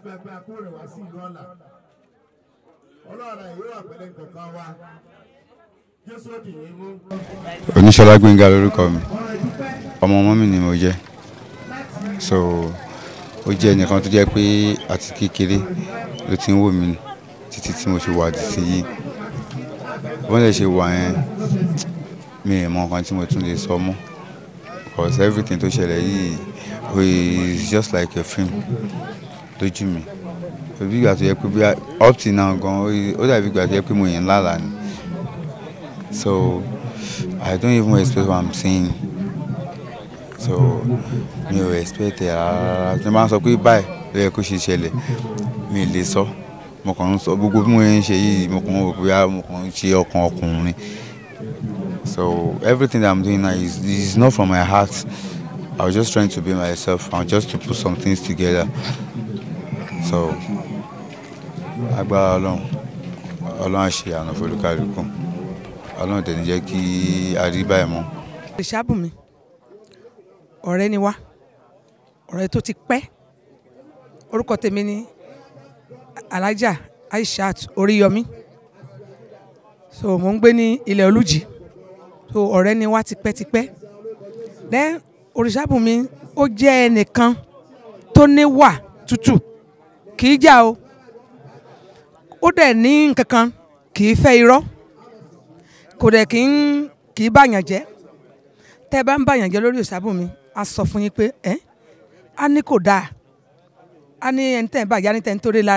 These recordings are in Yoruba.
abẹ́bẹ́ akóre sí ìlú ọ̀la ọlọ́ọ̀la ìwé wà pẹ̀lẹ́ kọ̀ọ̀kan wa jésù òdì yìí mú. oníṣọlá gbẹ̀ngà lórúkọ mi ọmọ ọmọ mi ni mo jẹ́ so ó jẹ́ ẹnìkan tó jẹ́ pé àti kékeré ló ti ń wò mí títí tí mo fi wà títí yìí wọ́n lè ṣe wà yẹn mi ì mọ nǹkan tí mo tún lè sọ mọ́ because everything tó ṣẹlẹ̀ yìí oh, is just like a film lójú mi òbí ìgbà tó yẹ pé bí up till now gan ó dàbí ìgbà tó yẹ pé mo yẹn lálàá ni so I don't even expect what I'm saying so mi ò expect rárá tí wọ́n bá ń sọ pé báyìí ló yẹ kó ṣe ṣẹlẹ̀ mi lè sọ mo kàn ń sọ gbogbo bí mo ń ṣe yìí mo kàn ń wò bóyá mo kàn ń ṣe ọkàn ọkùnrin so everything that I'm doing now is is not from my heart I was just trying to be myself and just to put some things together so agbára ọlọ́run ọlọ́run á ṣe àná fọlùkálùkù ọlọ́run tẹ̀ ní jẹ́ kí a rí báyìí mọ́. ìṣàbùnmi ọ̀rẹ́ ni wá ọ̀rẹ́ tó ti pẹ́ orúkọ tèmi ni alájà aishat oríyọmí so mò ń gbé ní ilẹ̀ olújì so ọ̀rẹ́ ni wá tipẹ́tipẹ́ then òrìṣàbùnmi ó jẹ́ ẹnìkan tó níwà tútù kì í jà o ó dẹ̀ ní nǹkan kan kì í fẹ́ irọ́ kò dẹ̀ kì í kì í bàyàn jẹ́ tẹ́ ẹ bá ń bàyàn jẹ́ lórí Òṣàbùnmi a sọ fún yín pé ẹ́ á ní kò dáa á ní ẹni tẹ́ ẹ bàjẹ́ á ní tẹ́ ẹ torí la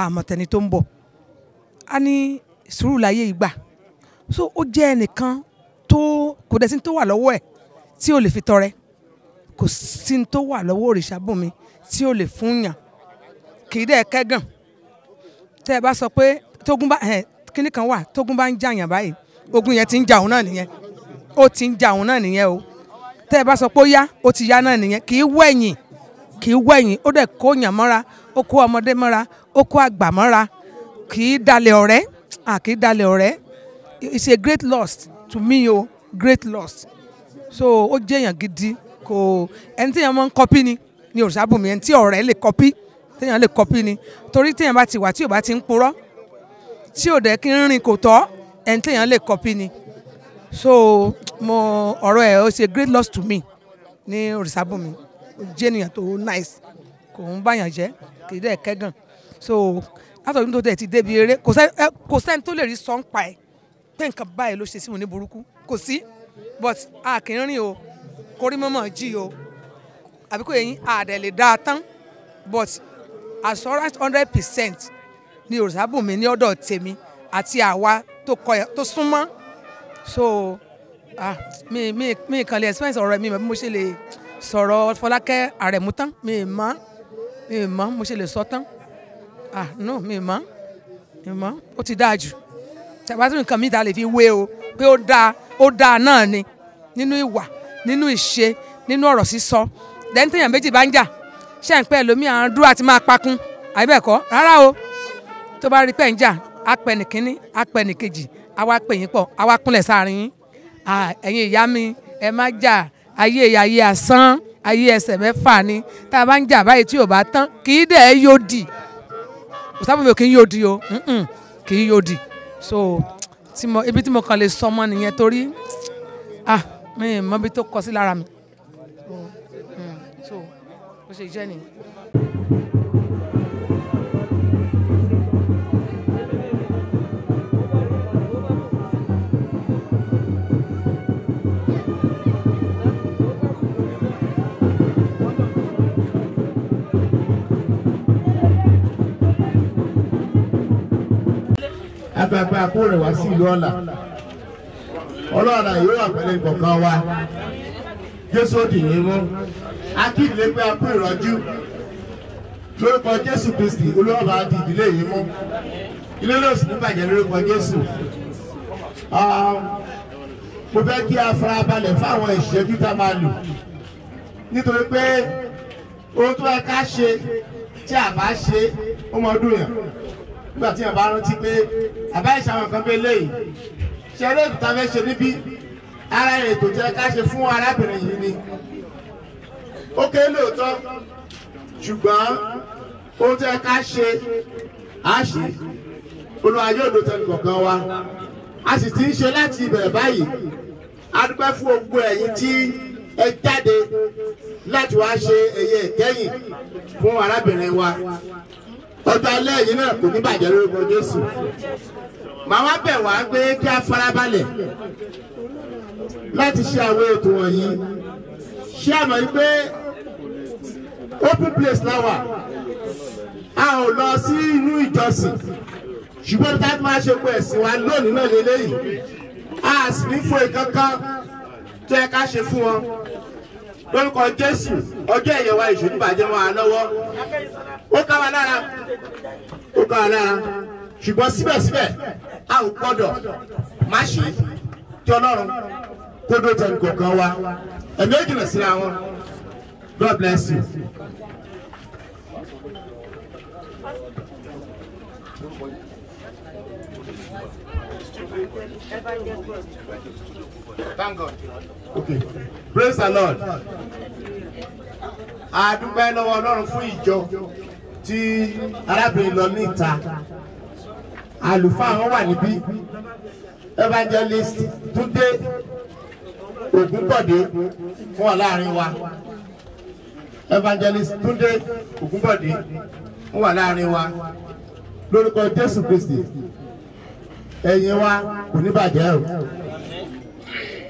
àmọ̀tẹ́ni tó ń bọ̀ á ní sùúrù láyé ìgbà so ó jẹ́ ẹnìkan tó kò dẹ̀ sí tó wà lọ́wọ́ ẹ̀ tí ò lè fi tọrẹ kò sí tó wà lọ́wọ́ Òrìṣàbùnmi tí ò lè fún yàn kì í dẹ̀ kẹ́gàn tẹ́ ẹ bá sọ pé tógun bá kíní kan wà tógun bá ń jàyàn báyìí ogun yẹn ti ń jà òun náà nìyẹn ó ti ń jà òun náà nìyẹn o tẹ́ ẹ bá sọ pé ó yá ó ti yá náà nìyẹn kì í wẹ̀yìn kì í wẹ̀yìn ó dẹ̀ kó yàn mọ́ra ó kó ọmọdé mọ́ra ó kó àgbà mọ́ra kì í dalẹ̀ ọ̀rẹ́ à kì í dalẹ̀ ọ̀rẹ́ it's a great loss to me o great loss so ó jẹ́yàn gidi kò ẹni tí yẹn mọ́ ń kọ́pí ni ni òrìṣàbùnmi ẹni tí ọ̀rẹ́ lè kọ́pí téèyàn lè kọ́pì ni torí téèyàn bá ti wà tí ò bá ti ń purọ́ tí ò dẹ̀ kí ń rìn kò tọ́ ẹni téèyàn lè kọ́pì ni so mo ọ̀rọ̀ ẹ̀ ó ṣe great loss to me ní Òrìṣàbùnmi jẹ́niyàn tó nice kò ń báyàn jẹ́ kì í dẹ̀ kẹ́gàn so látọ̀dún tó dẹ̀ ti débi eré kò sẹ́ni tó lè rí sọ́ńpa ẹ̀ pé nǹkan báyìí ló ṣe sí wọn ní burúkú kò sí but a kì í rìn o kò rí mọ́mọ́ jí o àbíkó yẹn àdẹ̀ lè dáa tán but assurance hundred percent ni Òrìṣàbùnmi ní ọ̀dọ̀ tèmi àti àwa tó kọ ẹ tó súnmọ́ so ah mi mi mi kàn lè expense ọ̀rọ̀ mi mọ̀ bí mo ṣe lè sọ̀rọ̀ Fọlákẹ́ Àrẹ̀mú tán mi mọ̀ mi mọ̀ mo ṣe lè sọ tán ah no mi mọ̀ mi mọ̀ ó ti dáa jù tàbátú nǹkan mi ta lè fi wé o pé ó dáa ó dáa náà ni nínú ìwà nínú ìṣe nínú ọ̀rọ̀ sísọ lẹ́yìn téèyàn méjì bá ń jà ṣe ń pẹ́ lómi àwọn dúró àti máa pakun àbẹ̀kọ́ rárá o tó bá rí pẹ́ ń jà á pẹ́ nìkíní á pẹ́ nìkejì á wá pè yín pọ̀ á wá kúnlẹ̀ sáàrin yín ẹ̀yin ìyá mi ẹ má jà ayé ayé asán ayé ẹsẹ̀ mẹ́fà ni tá a bá ń jà báyìí tí ò bá tán kì í dẹ̀ ẹ́ yóòdì òsábòbò kì í yóòdì o kì í yóòdì so tí mo ibi tí mo kàn lè sọmọ nìyẹn torí ah mi ì mọ ibi tó kọ sí lára mi ṣe jẹ́ nìyẹn. agbagba kó rẹ̀ wá sí ìlú ọ̀la ọlọ́ọ̀la yóò wà pẹ̀lú ìkọ̀kan wa. Jésù ó dì yín mú akíndìlé pé a kú ìrọ́jú lórúkọ Jésù Kristi olúwàbà di ìdílé yìí mú ilé náà sì ń bàjẹ́ lórúkọ Jésù um, mo fẹ́ kí a farabalẹ̀ fáwọn ìṣẹ́jú tá a máa lò nítorí pé ohun tó yẹ ká ṣe tí a bá ṣe ó mọ ọdún yàn nígbà tí yàn bá rántí pé àbá ìṣàwọn kan bẹ́ẹ̀ lẹ́yìn ṣe eré ìtàfẹ́ ṣe níbí ara ètò tí ẹ ká ṣe fún arábìnrin yìí ni ó ké lóòótọ́ ṣùgbọ́n ohun tí ẹ ká ṣe á ṣe olúwa yóò ló tẹnu kọ̀ọ̀kan wa a sì ti ń ṣe láti ìbẹ̀rẹ̀ báyìí a dúpẹ́ fún gbogbo ẹ̀yin tí ẹ jáde láti wá ṣe ẹ̀yẹ ìkẹyìn fún arábìnrin wa ọjọ́ alẹ́ yìí náà kò ní bàjẹ́ lórúkọ Jésù màá wá bẹ̀ wá pé kí a farabalẹ̀ láti ṣe àwọn ètò wọ̀nyí ṣé àmọ́ yìí pé open place láwà a ò lọ sí inú ìjọsìn ṣùgbọ́n tá a máa ṣe pé ẹ̀sìn wa lónìí náà lélẹ́yìí a sì ní fún ìkankan tó yẹ ká ṣe fún wọn lórúkọ Jésù ọjọ́ ìyẹ̀wò ìṣòro ìbàjẹ́ wọn à lọ́wọ́ ó ká wa lára ó ká wa lára ṣùgbọ́n síbẹ̀síbẹ̀ a ò gbọ́dọ̀ má ṣe ti kó dó tẹ̀ wa ẹ̀mí ẹ̀jìnà síra wọn God bless you. Thank God. Okay. Praise the Lord. A dúpẹ́ lọ́wọ́ Ọlọ́run fún ìjọ tí arábìnrin lọ ní ìta. Àlùfáà wọn wà níbí. Evangelist Túndé Ògúnbọ̀dé fún wa láàrin wa Evangelist Túndé Ògúnbọ̀dé fún wa láàrin wa lórúkọ Jésù Kristi Ẹ̀yin wa kò o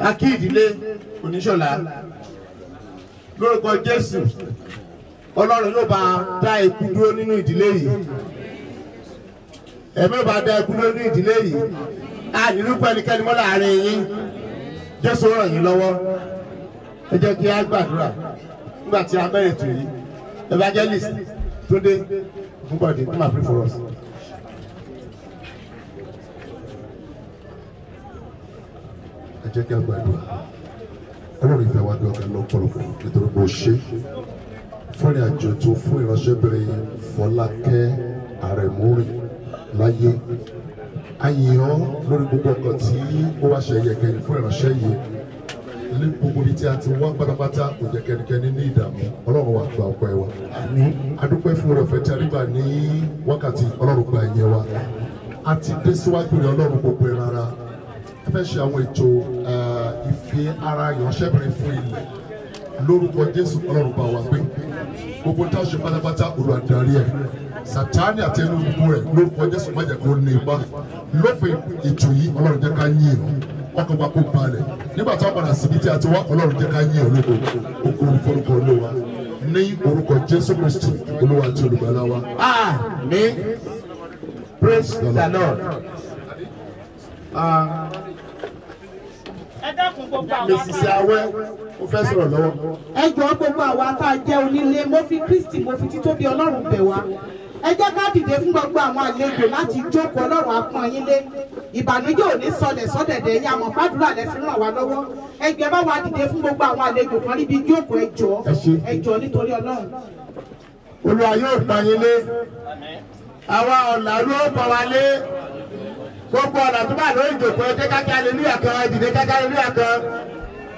akí ìdílé oníṣọ̀lá lórúkọ Jésù Ọlọ́run yóò bá dá ikú dúró nínú ìdílé yìí ẹ̀mí yóò bá dá ikú dúró nínú ìdílé yìí a nílùú pẹ̀lú kẹ́ni mọ́ láàrin yín. jésù ràn yín lọ́wọ́ ẹ jẹ́ kí á gbàdúrà nígbà tí a bẹ̀rẹ̀ tó yìí evangelist Túndé Ògúnbọ̀dé tó máa pray for us. ẹ jẹ́ kí á gbàdúrà ọlọ́run ìfẹ́ wa dọ̀kan lọ́pọ̀lọpọ̀ nítorí mo ṣe fún ìrìn àjò tó fún ìránṣẹ́bìnrin Fọlákẹ́ Àrẹ̀mú rìn láyé ayìn ọ́ lórí gbogbo ọkọ̀ tí ó wá ṣe yẹ̀kẹ̀rì fún ìránṣẹ́ yìí ní gbogbo ibi tí a ti wá pátápátá kò jẹ́ kẹ́nikẹ́ni ní ìdààmú ọlọ́run wa gba ọpẹ́ wa adúpẹ́ fún ọ̀fẹ́ tí a rí gbà ní wákàtí ọlọ́run gba ẹ̀yẹ wa a ti dé síwájú rẹ̀ ọlọ́run gbogbo rárá ẹ fẹ́ ṣe àwọn ètò eh, ìfi ara ìránṣẹ́bìnrin fún ilẹ̀ lórúkọ jésù ọlọ́run bá wa gbé gbogbo tá a ṣe pátápátá olùdarí ẹ̀ sátánì àti ẹnu gbogbo rẹ̀ lórúkọ jésù má jẹ́ kó ní ipa lópin ètò yìí ọlọ́run jẹ́ ká yín ọ ọkàn wa kó balẹ̀ nígbà tá a padà síbi tí a ti wá ọlọ́run jẹ́ ká yín ọ lóko okò olùforúkọ olówó ní orúkọ jésù kristu olówó àti olùgbàlà wa. àmín praise the lord. Uh, mrs awẹ o fẹ́ sọ̀rọ̀ lọ́wọ́. ẹ jọ gbogbo àwa tá a jẹ́ onílé mo fi kristi mo fi títóbi ọlọ́run bẹ̀ wá ẹ jẹ́ ká dìde fún gbogbo àwọn àlejò láti jókòó ọlọ́run apọ́n yín lé ìbànújẹ́ ò ní sọlẹ̀ sọ́dẹ̀dẹ̀ yín àmọ́ gbàdúrà lẹ fi ràn wá lọ́wọ́ ẹgbẹ́ bá wa dìde fún gbogbo àwọn àlejò kan níbi jókòó ẹ jọ̀ọ́ ẹ jọ̀ọ́ nítorí ọlọ́run. olùwà yóò pa yín lé àwa ọ̀làrú ó pa wa lé gbogbo ọ̀nà tó bá lórí ìjòkó ẹjẹ́ kákẹ́ aleluya kan ẹ̀dìdẹ́ kákẹ́ aleluya kan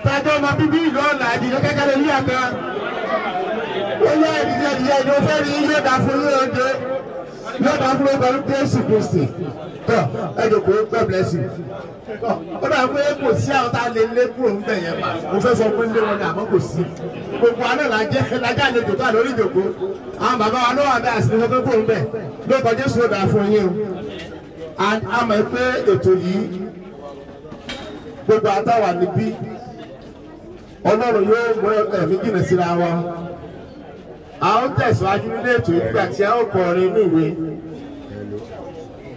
tájọ́ ọmọ bíbí ìlú ọ̀nà ẹ̀dìdẹ́ kákẹ́ aleluya kan ó yá ẹ̀dìdẹ́ ẹ̀dìdẹ́ ẹ̀dìdẹ́ ó yóò dá fún lóde yóò dá fún lóde Jésù Kristi tọ ẹ̀dòkó God bless you ó dà pé kò sí àwọn tá a lè lé kúrò ń bẹ̀ yẹn mo fẹ́ sọ pé lé wọn ni àmọ́ kò sí gbogbo alẹ́ lajẹ́ lajẹ́ àlejò tó à lórí ìjòkó àwọn bàbá wa ló wà bẹ́ẹ̀ àsìkò sọ pé kúrò ń bẹ̀ lóòótọ́ Jésù ó dá fún yín o a pé ètò yìí gbogbo àtàwà níbí ọlọ́run yóò mú ẹ̀mí jìnnà síra wa a ó tẹ̀síwájú nínú ètò nígbà tí a ó kọrin inú ìwé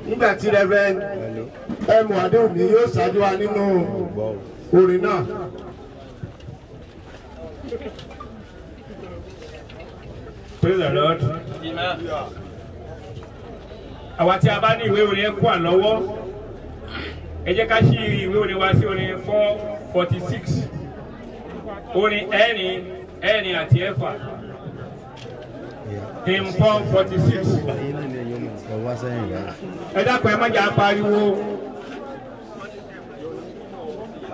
nígbà tí Reverend ẹmu adéhùnmí yóò ṣáájú wa nínú orin náà. Praise the Lord. Amen àwa tí a bá ní ìwé orin ẹ̀kọ́ àlọ́wọ́ ẹ jẹ́ ká ṣí ìwé orin wa sí orin four forty six orin ẹ̀rin ẹ̀rin àti ẹ̀fà hymn four forty six. ẹ dákun ẹ má jà pariwo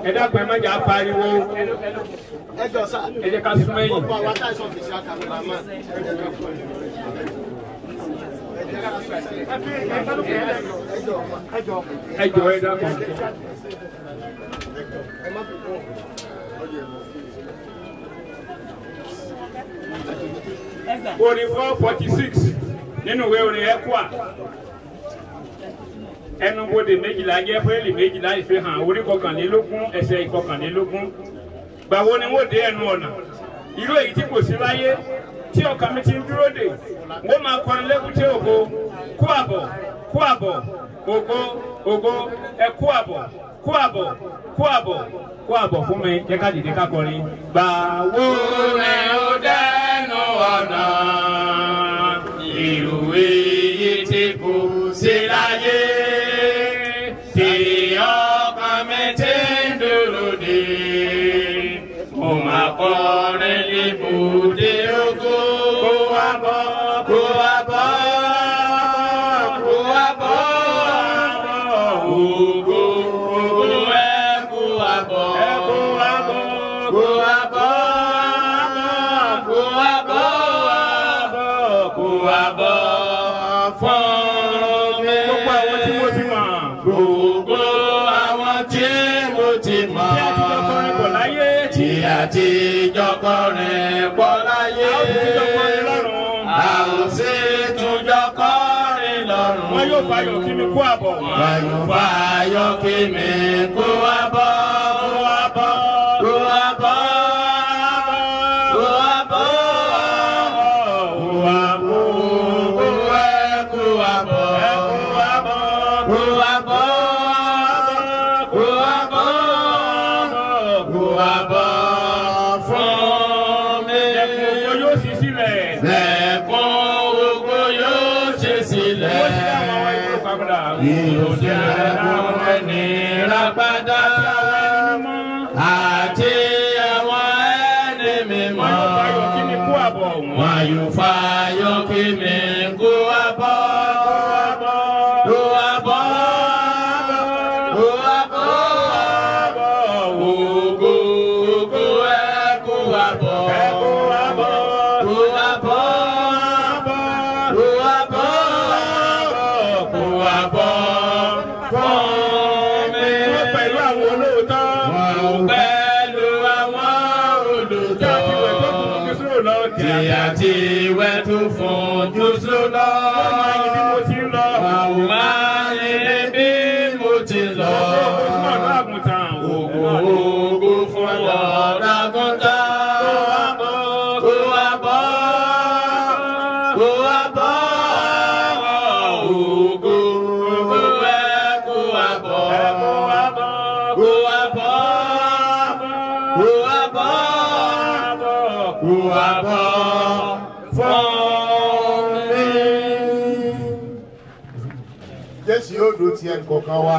ẹ dákun ẹ má jà pariwo ẹ jẹ́ ká súnmọ́ ẹ̀yìn ẹjọ ẹ dákun. orin four forty six nínú ìwé orin ecua ẹnubodè méjìlá jẹ́ fẹ́ẹ̀lì méjìlá ìfihàn orí kọkànlélógún ẹsẹ̀ ìkọkànlélógún gbàwo ni wọ́n dé ẹnu ọ̀nà irú èyí tí kò sí láyé tí ọkàn mi ti ń dúró dè wọ́n máa kọrin lẹ́kùté ògo kú àbọ̀ kú àbọ̀ ògo ògo ẹ kú àbọ̀ kú àbọ̀ kú àbọ̀ kú àbọ̀ fún mi jẹ́ ká dìde ká kọrin. gbàwó rẹ̀ ó dẹnu ọ̀nà ìrùwé yìí ti kù sí láyé. ògo àwọn tí mo ti mọ̀. Tí a ti jọ kọrin pọ̀ láyé. Tí a ti jọ kọrin pọ̀ láyé. A ó sì jọ kọrin lọ́run. A ó sì tún jọ kọrin lọ́run. Wọ́n yóò fayọ̀ kí mi kú àbọ̀. Wọ́n yóò fayọ̀ kí mi kú àbọ̀. sí ẹnìkọ̀ọ̀kan wa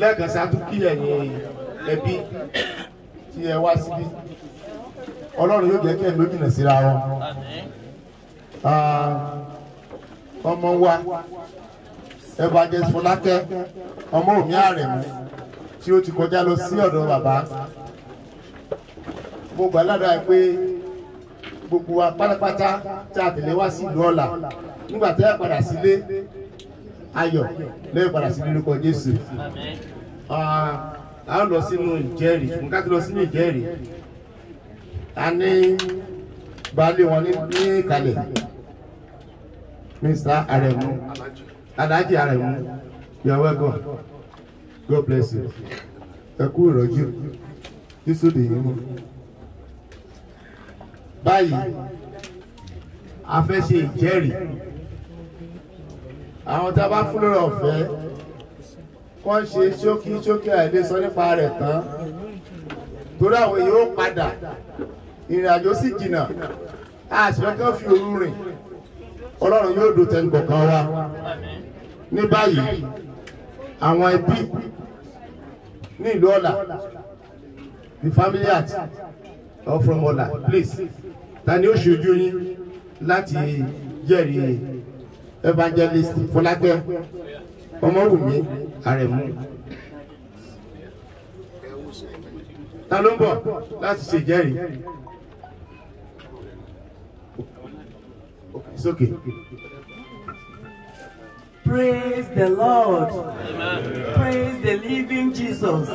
lẹ́ẹ̀kan sí atúkí ẹ̀yìn ẹbí tí ẹ wá síbí ọlọ́run yóò jẹ́ kí ẹ lómìnà síra wọn ọmọ wa evangelist Fọlákẹ́ ọmọ òmí àrẹ̀mú tí ó ti kọjá lọ sí ọ̀dọ̀ bàbá mo gbà ládàá pé gbogbo wa pátápátá tá a tẹ̀lé wá sí ìlú ọ̀la nígbà tẹ́ ẹ padà sílé ayọ̀ lẹ́yìn padà sí lórúkọ Jésù a ó lọ sínú ìjẹ́rìí ṣùgbọ́n ká tó lọ sínú ìjẹ́rìí a ní baálé wọn ní ìkàlẹ̀ Mr. Aremu Alhaji Aremu you are welcome God bless you ẹ kú ìrọ̀jú Jésù dìyẹ mú báyìí a fẹ́ ṣe ìjẹ́rìí àwọn tá a bá fún lórí ọ̀fẹ́ wọ́n ṣe ṣókí ṣókí àìlè sọ nípa rẹ̀ tán torí àwọn èèyàn ó padà ìrìn àjò sì jìnnà àṣìfẹ́ kan fi òru rìn ọlọ́run yóò do tẹnugbọ̀n kan wa ní báyìí àwọn ẹbí ní ìlú ọ̀la the family at or from ọ̀la please ta ni ó ṣojú yín láti jẹ́rìí evangelist fọlákẹ́ ọmọwùmí àrẹ̀mú ta ló ń bọ̀ láti ṣèjẹ́rìí sókè. Praise the Lord. Amen. Praise the living Jesus.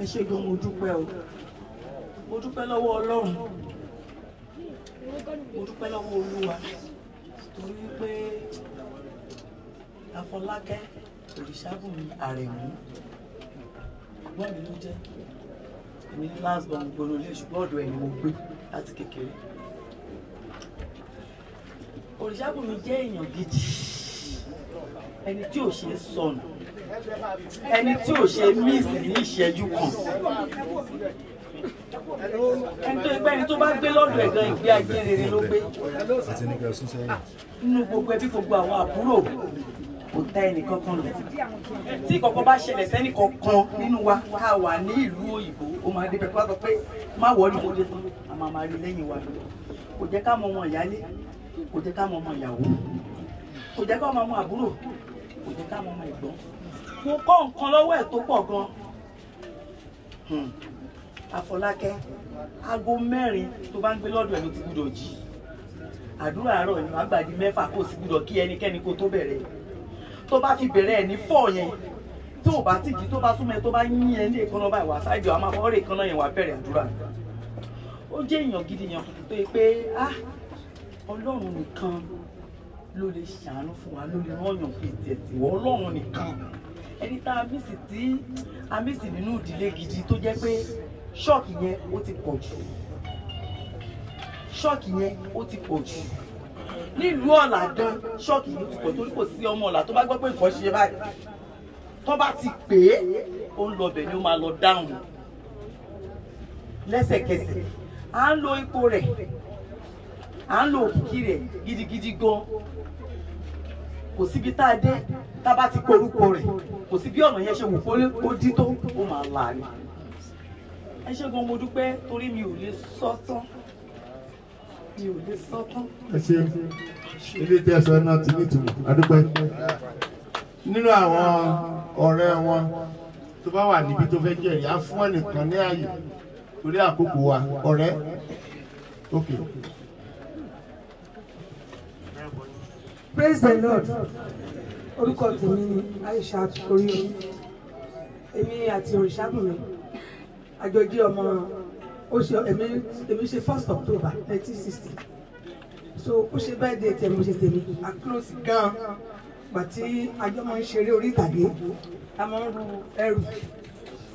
Ẹ ṣé gan mo dúpẹ́ o. Mo dúpẹ́ lọ́wọ́ Ọlọ́run. Mo dúpẹ́ lọ́wọ́ Olúwa torí pé Afọlákẹ́ Òrìṣàbùnmi Àrẹ̀mú ẹ̀gbọ́n mi ló jẹ́ èmi ní last born gbòòrò ilé ṣùgbọ́n ọ̀dọ̀ ẹ̀ ni mo gbé láti kékeré Òrìṣàbùnmi jẹ́ èèyàn gidi ẹni tí ò ṣe sọnù ẹni tí ò ṣe míìsì ní ìṣẹ́jú kan ẹni tó ẹgbẹ́ ẹni tó bá gbé lọ́dọ̀ ẹ̀gán ìgbé ajé rere ló gbé nínú gbogbo ẹbí gbogbo àwọn àbúrò kò ta ẹnìkan kan lọ tí kọ̀ọ̀kan bá ṣẹlẹ̀ sẹ́nì kankan nínú wa tá a wà ní ìlú òyìnbó ó máa débẹ̀ pé wá sọ pé má wọ́ọ̀lù kó dé tán a máa máa rí lẹ́yìn wa kò jẹ́ ká mọ ọmọ ìyálé kò jẹ́ ká mọ ọmọ ìyàwó kò jẹ́ ká mọ ọmọ àbúrò kò jẹ́ ká mọ ọmọ ìgbọ́n mo kọ́ nǹkan lọ́wọ́ ẹ̀ tó pọ̀ gan-an. Hmm àfọlákẹ́ aago mẹ́rin tó bá ń gbé lọ́dọ̀ ẹ̀ ló ti gbúdọ̀ jí àdúrà àárọ̀ yìí wàá gbàdí mẹ́fà kó o sì gbúdọ̀ kí ẹnikẹ́ni kó tó bẹ̀rẹ̀ tó bá fi bẹ̀rẹ̀ ẹ̀ ní fọ́ yẹn tí ò bá ti jí tó bá súnmọ́ ẹ tó bá yín ẹ ní èkánná báyìí wà sáájú àwọn afọwọ́rẹ́ èkánná yẹn wàá bẹ̀rẹ̀ àdúrà ó jẹ́ èèyàn gidi yẹn kùtù tó yẹ pé ah ọlọ́run nìkan ló lè ṣàánú fún wa ló lè rányàn fi tiẹ̀ tì wọ́n ọlọ́run nìkan ẹni tá a mísì tí a mísì nínú ìdílé gidi tó jẹ́ pé ṣọ́ọ̀kì yẹn ó ti pọ̀ jù ṣọ́ọ̀kì yẹn ó ti pọ̀ jù nílùú ọ̀la gan ṣọ́ọ̀kì yẹn ó ti pọ̀ jù torí kò sí ọmọ ọ̀la tó bá gbọ́ pé nǹkan ṣe báyìí tó bá ti pè é ó ń lọ bẹ̀ ni ó máa lọ dáhùn lẹ́sẹ̀kẹsẹ̀ à ń lo ipò rẹ̀ à ń lo òkìkí rẹ̀ gidigidi gan kò síbi tá a dé tá a bá ti korúkọ rẹ̀ kò sí bí ọ̀nà yẹn ṣe wù kó dí tó ó máa là ẹ ṣé gan mo dúpẹ́ torí mi ò lè sọ tán mi ò lè sọ tán. ẹ ṣe ilé tí ẹ náà ti ní ìtumọ̀ adúpẹ́ nínú àwọn ọ̀rẹ́ wọn tó bá wà níbi tó fẹ́ jẹ́ ìyá fún ẹnìkan ní ààyè torí àkókò wa ọ̀rẹ́ ok. praise the lord orúkọ tèmi ni aisha torí omi èmi àti òrìṣàbùnmi àjọjí ọmọ ó ṣe èmi èmi ṣe first october nineteen sixty so ó ṣe birthday tẹ̀ mo ṣe tèmi a close gan pàtí àjọ máa ń ṣeré orí ìtàgé a máa ń ru ẹrù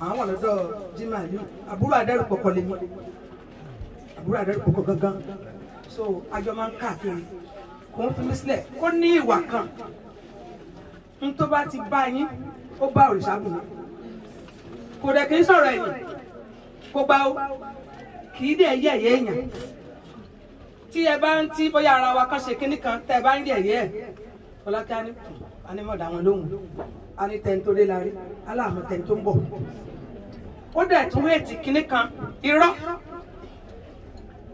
àwọn wà lọ́dọ̀ jimá yìí àbúrò adẹ́rù pọ̀kọ̀ lèmi àbúrò adẹ́rù pọ̀kọ̀ gangan so àjọ máa ń káàkiri kò ń fi mí sílẹ̀ kó ní ìwà kan n tó bá ti bá yín ó bá òrìṣà bùnú kò dẹ̀ kì í sọ̀rọ̀ ẹ̀yìn kó gbá ó kì í dẹ̀ yẹ̀yẹ́ èèyàn tí ẹ bá ń tí bóyá ara wa kan ṣe kinní kan tẹ́ ẹ bá ń yẹ̀yẹ́ ẹ̀ ọlọ́kẹ́ á ní wọn lóhùn á ní tẹ́ni ń bọ̀ ó dẹ̀ tún wéètì kinní kan irọ́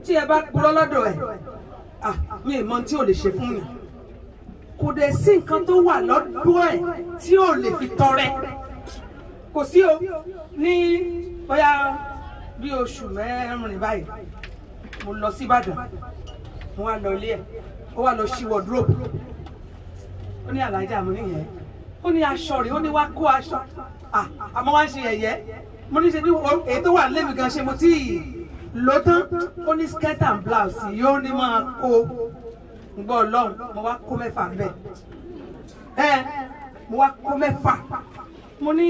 tí ẹ bá purọ́ lọ́dọ̀ ẹ̀ ah mi ì mọ tí ò lè ṣe fún mi kò dẹ̀ sí nǹkan tó wà lọ́dọ̀ ẹ̀ tí ò lè fi tọrẹ kò sí o ní bóyá bí oṣù mẹ́rin báyìí mo lọ sí Ìbàdàn mo wá lọ ilé ẹ̀ ó wá lọ ṣí wardrobe ó ní alájà mo níyẹn ó ní aṣọ rẹ̀ ó ní wá kó aṣọ àmọ́ wá ń ṣe yẹ̀yẹ́ mo ní ṣe bí èyí tó wà lẹ́mìí gan ṣe mo tí ì tán ó ní skirt and blouse yóò ní máa kó gbọ́ ọlọ́run mo wá kó mẹ́fà bẹ́ẹ̀ mo wá kó mẹ́fà mo ní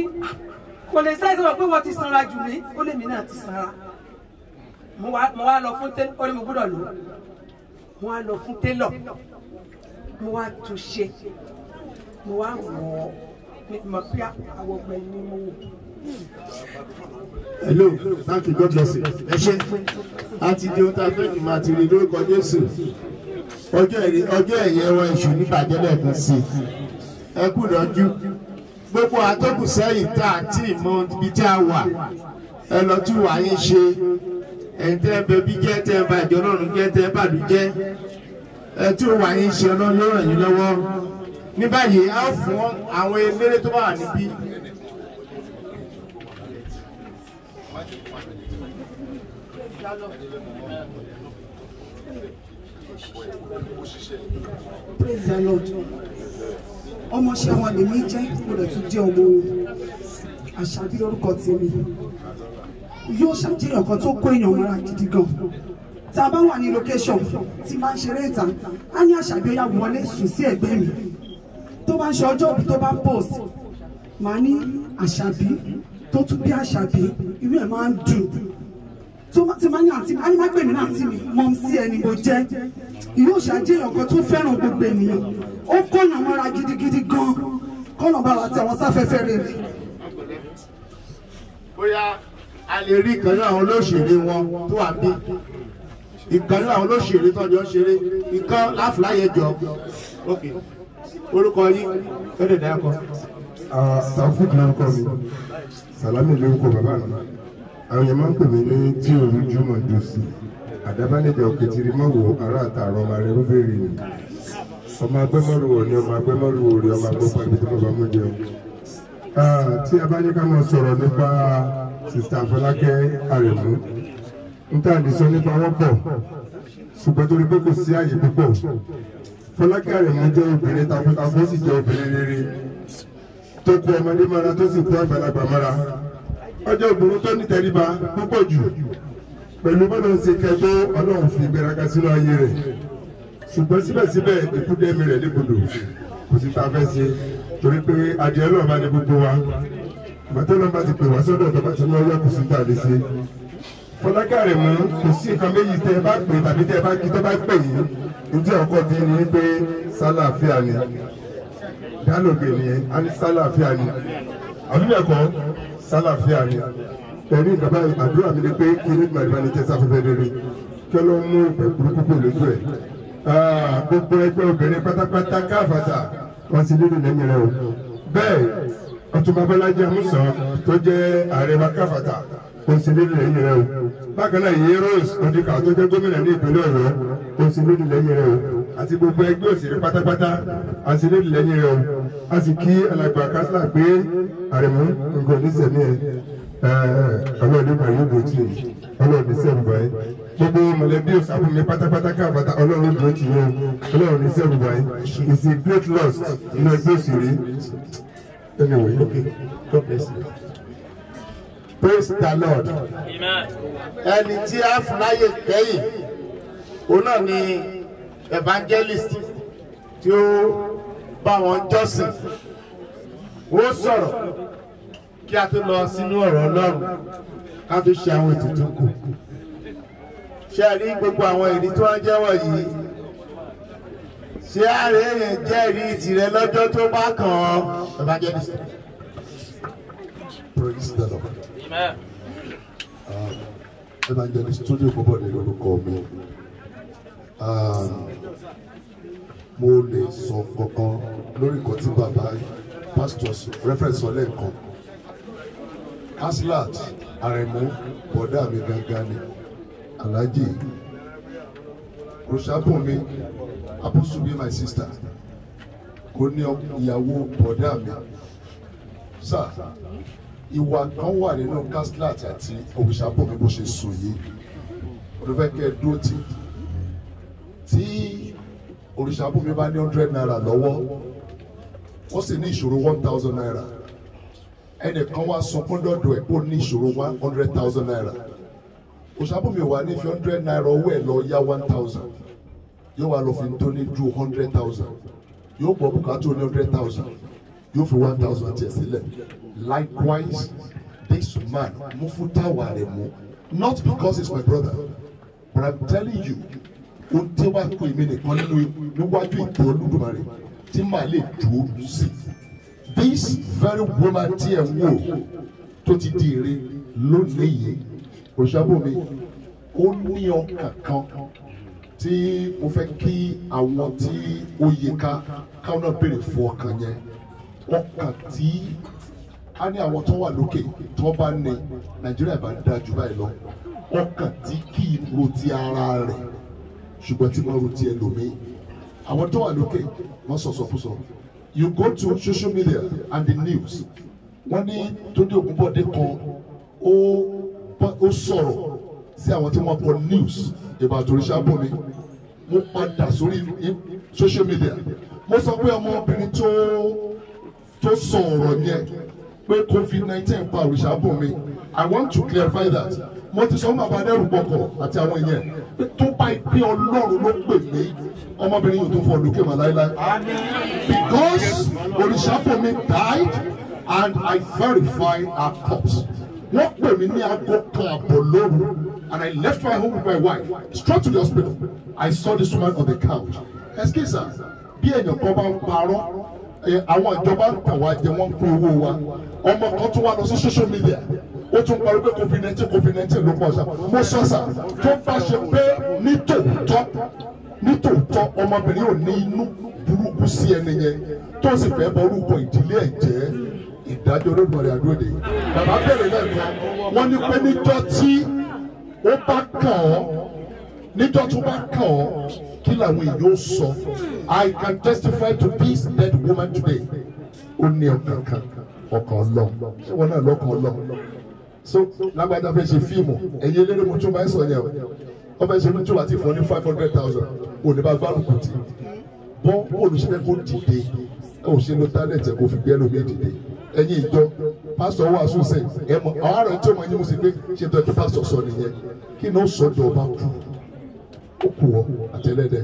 kò lè sáyé sọ pé wọ́n ti sanra jù mí ó lèmi náà ti sanra mo wá lọ fún télọ̀ ó ní mo gbọ́dọ̀ lò mo wá lọ fún télọ̀ mo wá tún ṣe mo wá wọ̀ mo fi àwọ̀ ọ̀gbẹ́ ni mo wò. Hello, thank you, God bless you. Ẹ ṣé, a ti di ohun tá a fẹ́ jù máa ti rí lórúkọ Jésù. Ọjọ́ ẹ̀yẹ wọn èṣù nígbà jẹ́lẹ̀ kan sí Ẹ kú lọ́jú gbogbo àtọ́kù sẹ́yìn tá a ti mọ ibi tí a wà ẹ lọ tún wà yín ṣe ẹ̀ǹtẹ́ bẹbí jẹ́ tẹ́ ẹ bá ìjọ lọ́rùn jẹ́ tẹ́ ẹ bá lù jẹ́ ẹ tún wà yín ṣe ọlọ́run yóò ràn yín lọ́wọ́ ní báyìí a ó fún àwọn eléré tó bá wà níbí. Praise the Lord ọmọọṣẹ́ wọn lèmi jẹ́ mo lè tún jẹ́ ọmọ wọn àṣàbí lórúkọ tèmi yóò ṣàjẹyàn kan tó kó èèyàn mọ́ra gidi gan tá a bá wà ní location tí máa ń ṣeré ìta á ní àṣàbí ọyà wọlé sùn sí ẹ̀gbẹ́ mi tó bá ń ṣe ọjọ́ òbí tó bá ń post màá ní àṣàbí tó tún bí àṣàbí irú ẹ̀ máa ń dùn tó má ti má ní àǹtí mi á ní má pè mí ní àǹtí mi mọ̀ ń sí ẹni bó jẹ́ yóò ṣàjẹyàn kan tó fẹ́ràn gbogbo ènìyàn ó kọ́nà mọ́ra gidigidi gan kọ́nà bá wa ti àwọn sáfẹ́fẹ́ rere. bóyá a lè rí ìkan náà àwọn olóṣèré wọn tó wà bí ìkan náà àwọn olóṣèré tọ́jọ́ ṣeré ìkan láfùláyé jọ orúkọ yín ẹ̀ẹ́dẹ̀dẹ̀ akọ. Ah, sàfù kìlọ̀ ọkọ mi sàlámì lórúkọ bàbá mi àwọn yẹn máa ń pè mí ní tí òru jùmọ̀ jù sí àdábánidà òkètìrì mọ̀wò ará àtàrọ̀ ọmọ rẹ̀ lóbèrè ni ọmọ agbẹ́mọ̀rúwọ̀ ni ọmọ agbẹ́mọ̀rúwọ̀ rẹ̀ ọmọ agbọ́pọ̀ ibi tí mo bá mú jẹun. tí a bá ní ká máa sọ̀rọ̀ nípa sista Fọlákẹ́ Àrẹ̀mú ń tà ní sọ nípa wọ́n pọ̀ ṣùgbọ́n torí pé kò sí àyè púpọ̀ Fọlákẹ́ Àrẹ̀mú jẹ́ obìnrin takuntakun sì jẹ́ obìnrin rere tó kú ọmọdé mọ́ra tó sì kú àgbàlagbà mọ́ra ọjọ́ ìgboro tó nítẹríba púpọ̀ jù pẹ̀lú bọ́dọ̀ ṣe kẹtó ọlọ́run fi ìgbéraga sínú ayé rẹ̀ ṣùgbọ́n síbẹ̀síbẹ̀ ìkúdẹ́mi rẹ̀ níbodò kò sí ta fẹ́ ṣe torí pé adìẹ lọ́ọ̀bá ni gbogbo wa màtọ́lọ́ bá ti pè wá sọ́dọ̀ tó bá ti lọ́ọ́ yọ kò sí ta lè ṣe fọlákàrẹ mọ kò sí nǹkan méjì tẹ ẹ bá pè tàbí tẹ ẹ bá kí tẹ bá pè yìí ojú ọkọ bíi ni pé sálàáfíà ni dálògbè ni àní sálàáfíà ni àbí bẹ́ẹ̀ sálàfíà ni pẹ̀lú ìjọba àdúrà mi ni pé kí ní gbàgbà ni tẹ́sà fẹ́fẹ́ rere kí ọlọ́run mú ìpẹ́ burúkú kò lójú ẹ̀ gbogbo ẹgbẹ́ obìnrin pátápátá káfàtà wọ́n ti lédè lẹ́yìn rẹ̀ o bẹ́ẹ̀ Ọ̀túnba Bọ́lájí Amúsàn tó jẹ́ ààrẹ wa káfàtà wọ́n ti lédè lẹ́yìn rẹ̀ o bákan náà yìí Rose Odika tó jẹ́ gómìnà ní ìpínlẹ̀ Ọ̀yọ́ wọ́n ti lédè lẹ́yìn rẹ̀ o àti gbogbo ẹgbẹ́ òṣèré pátápátá àti lédè lẹ́yìn rẹ̀ o a sì kí alàgbà kásílà pé àrẹ̀mú nǹkan ní sẹ̀mí ẹ̀ ọlọ́ọ̀dẹ màrí ògbó tì í ọlọ́ọ̀dẹ sẹ́rù báyìí gbogbo mọ̀lẹ́bí òsàkùn mi pátápátá káàbàtà ọlọ́run ògbó tì í ọlọ́ọ̀dẹ sẹ́rù báyìí it's a great loss nínú ẹgbẹ́ òṣèré anyway okay God bless you praise the lord ẹni tí a fún láyè kẹ́yìn òun náà ni evangelist tí ó bá wọn jọ́sìn ó sọ̀rọ̀ kí a tó lọ sínú ọ̀rọ̀ ọlọ́run ká tó ṣe àwọn ètùtù kù ṣe a rí gbogbo àwọn ìrí tí wọ́n jẹ́wọ́ yìí ṣé ààrẹ yẹn jẹ́rìí tirẹ̀ lọ́jọ́ tó bá kàn án bàbá jẹ́ ní sẹ́yìn. Praise the Lord. Amen. Um, evangelist Tunde lórúkọ mi. Um, mo lè sọ kankan lórí nǹkan tí bàbá Pastor reference sọ lẹ́ẹ̀kan aslat arẹ̀mú bọ̀dá mi gangan ni alhaji rosabunmi aposubi my sister kò ní ìyàwó bọ̀dá mi sá ìwà kan wà nínú kaslat àti òrìṣàbùnmi bó ṣe sòye olùfẹ́ kẹ́ ẹ dúró tì tí òrìṣàbùnmi bá ní hundred naira lọ́wọ́ wọ́n sì ní ìṣòro one thousand naira ẹnìkan wá sunkún dọ́dọ̀ ẹ̀ kó ní ìṣòro one hundred thousand naira òṣàbùnmi wà ní fi hundred naira owó ẹ̀ lọ yá one thousand yóò wá lọ fi tó ní ju hundred thousand yóò pọ̀ bùkátà ní hundred thousand yóò fi one thousand tiẹ̀ sílẹ̀ likewise this man mo fún táwa not because he's my brother but I'm telling you ohun tí wàá kó èmi nìkan nínú níwájú ìtọ́ Olódùmarè tí màá lè dúró sí this very woman tí ẹ wò tó ti di ire lónìí yìí òṣàbòmí ó ní ọkàn kan tí mo fẹ́ kí àwọn tí ó yẹ ká káwọn náà béèrè fún ọkàn yẹn ọkàn tí a ní àwọn tó wà lókè tó bá ní Nàìjíríà bá dáa báyìí lọ ọkàn tí kì í ro ti ara rẹ̀ ṣùgbọ́n tí wọ́n ro ti ẹlòmíì àwọn tó wà lókè wọ́n sọ̀sọ̀kúsọ you go to social media and the news wọ́n ní Túndé Ògúnbọ̀dé kan ó sọ̀rọ̀ sí àwọn tí wọ́n kọ news about Oríṣàbùnmi mo padà sórí social media mo sọ pé ọmọbìnrin tó tó sọ ọ̀rọ̀ yẹn pé COVID-19 pa Oríṣàbùnmi I want to clarify that mo ti sọ fún bàbá adẹ́rùbọ̀kọ̀ àti àwọn yẹn tó bá pé ọlọ́run ló pè mí ọmọbìnrin yìí tó fọ lókè mà because Orishapomi died and I verified her corpse wọ́n pè mí ní aago kan àbọ̀ lóru and I left my home with my wife straight to the hospital I saw this woman on the couch excuse me bí èèyàn kan bá ń parọ́ àwọn ìjọba ń tàn wá jẹ wọ́n ń kó owó wa ọmọ kan tún wá lọ sí social media ó tún parí pé covid nineteen covid nineteen ló pọ̀ sá mo sọ sá tó bá ṣe pé nítòótọ́ nítòótọ́ ọmọbìnrin ò ní inú burúkú sí ẹni yẹn tó sì fẹ́ bọ orúkọ ìdílé ẹ̀ jẹ́ ìdájọ́ olódùmarè àdúródè bàbá bẹ̀rẹ̀ lẹ́ẹ̀kan wọ́n ní pé níjọ́ tí ó bá kàn ọ́ níjọ́ tó bá kàn ọ́ kí làwọn èèyàn sọ I can testify to this dead woman today ó ní ọkàn kan ọkàn ọlọ́run ṣé wọn náà lọ́kàn ọlọ́run so lágbàdá fẹ́ ṣe fíìmù ẹ̀yin eléré mo tún bá ẹ̀ sọ̀rọ̀ yẹn o wọ́n fẹ́ ṣe lójú àti fún ní five hundred thousand òní bá gbárùkù tì bọ́n olùṣẹ́fẹ́ kò dìde ẹ̀ ò ṣe lo talent ẹ̀ kò fi gbẹ́ lómi dìde ẹ̀yin ìjọ pásítọ̀ wà sùnsẹ̀ ẹ̀ mọ̀ àwọn àrùn tí ó mọ̀ ẹ̀yin mo sì gbé ṣe tó ẹ̀ tó pásítọ̀ sọ nìyẹn kí ni ó sọ jọ ọba kú ó kù ọ àtẹlẹdẹ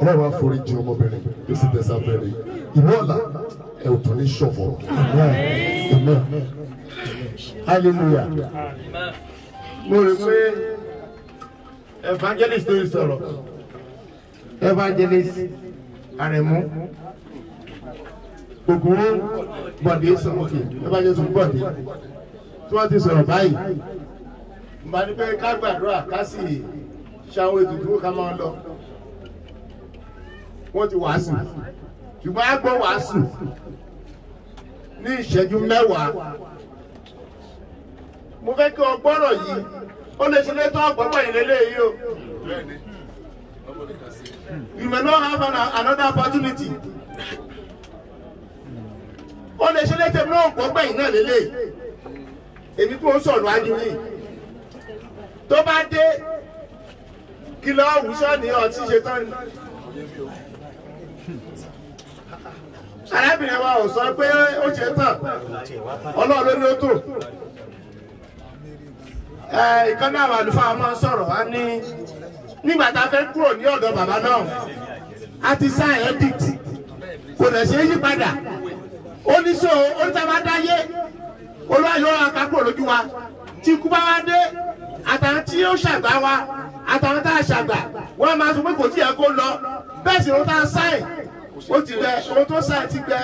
ọlọ́run àforíjì ọmọbìnrin yóò sì tẹ̀sán fẹ́rẹ̀ ìwọ́ọ̀la ẹ̀ ò tún ní ṣọ̀fọ̀ hallelujah mo rò pé evangelist tó ń sọ̀rọ̀ evangelist Àrẹ̀mú gbogbo bọ̀dé sọ̀rọ̀kì evangelist bọ̀dé tí wọ́n ti sọ̀rọ̀ báyìí màá ní pé ká gbàdúrà ká sì ṣàwọn ètùtù ká máa lọ wọ́n ti wàásù ṣùgbọ́n a gbọ́ wàásù ní ìṣẹ́jú mẹ́wàá mo fẹ́ kí ọ yìí ó lè ṣe létọ́ ọ̀gbọ́gbọ́ ìrẹ́lẹ̀ yìí o. You may not have an, another opportunity. ó lè ṣe létọ́ náà ọ̀gbọ́gbọ́ ìrìn náà lélẹ̀ èmi kí wọ́n sọ̀rọ̀ ájú yìí tó bá dé kí lọ́ọ́ wùsọ̀ ní ọtí ṣe tán ni arábìnrin wa ò sọ pé ó ṣe tán ọlọ́run ló tó ìkànnì àwọn àlùfáà máa sọ̀rọ̀ wá ní nígbà tá a fẹ́ kúrò ní ọ̀dọ̀ bàbá náà a ti sá ẹ̀ẹ́dìtì kò lè ṣe é yí padà ó ní so ó ní sábà dáyé olúwayọ akápò lójú wa tí ikú bá wá dé àtàwọn tí ó ṣàgbà wa àtàwọn tá a ṣàgbà wọn máa sọ pé kò tíyẹ kó lọ bẹ́ẹ̀ sì ló tá a sáìn ó ti gbẹ ohun tó sáìn ti gbẹ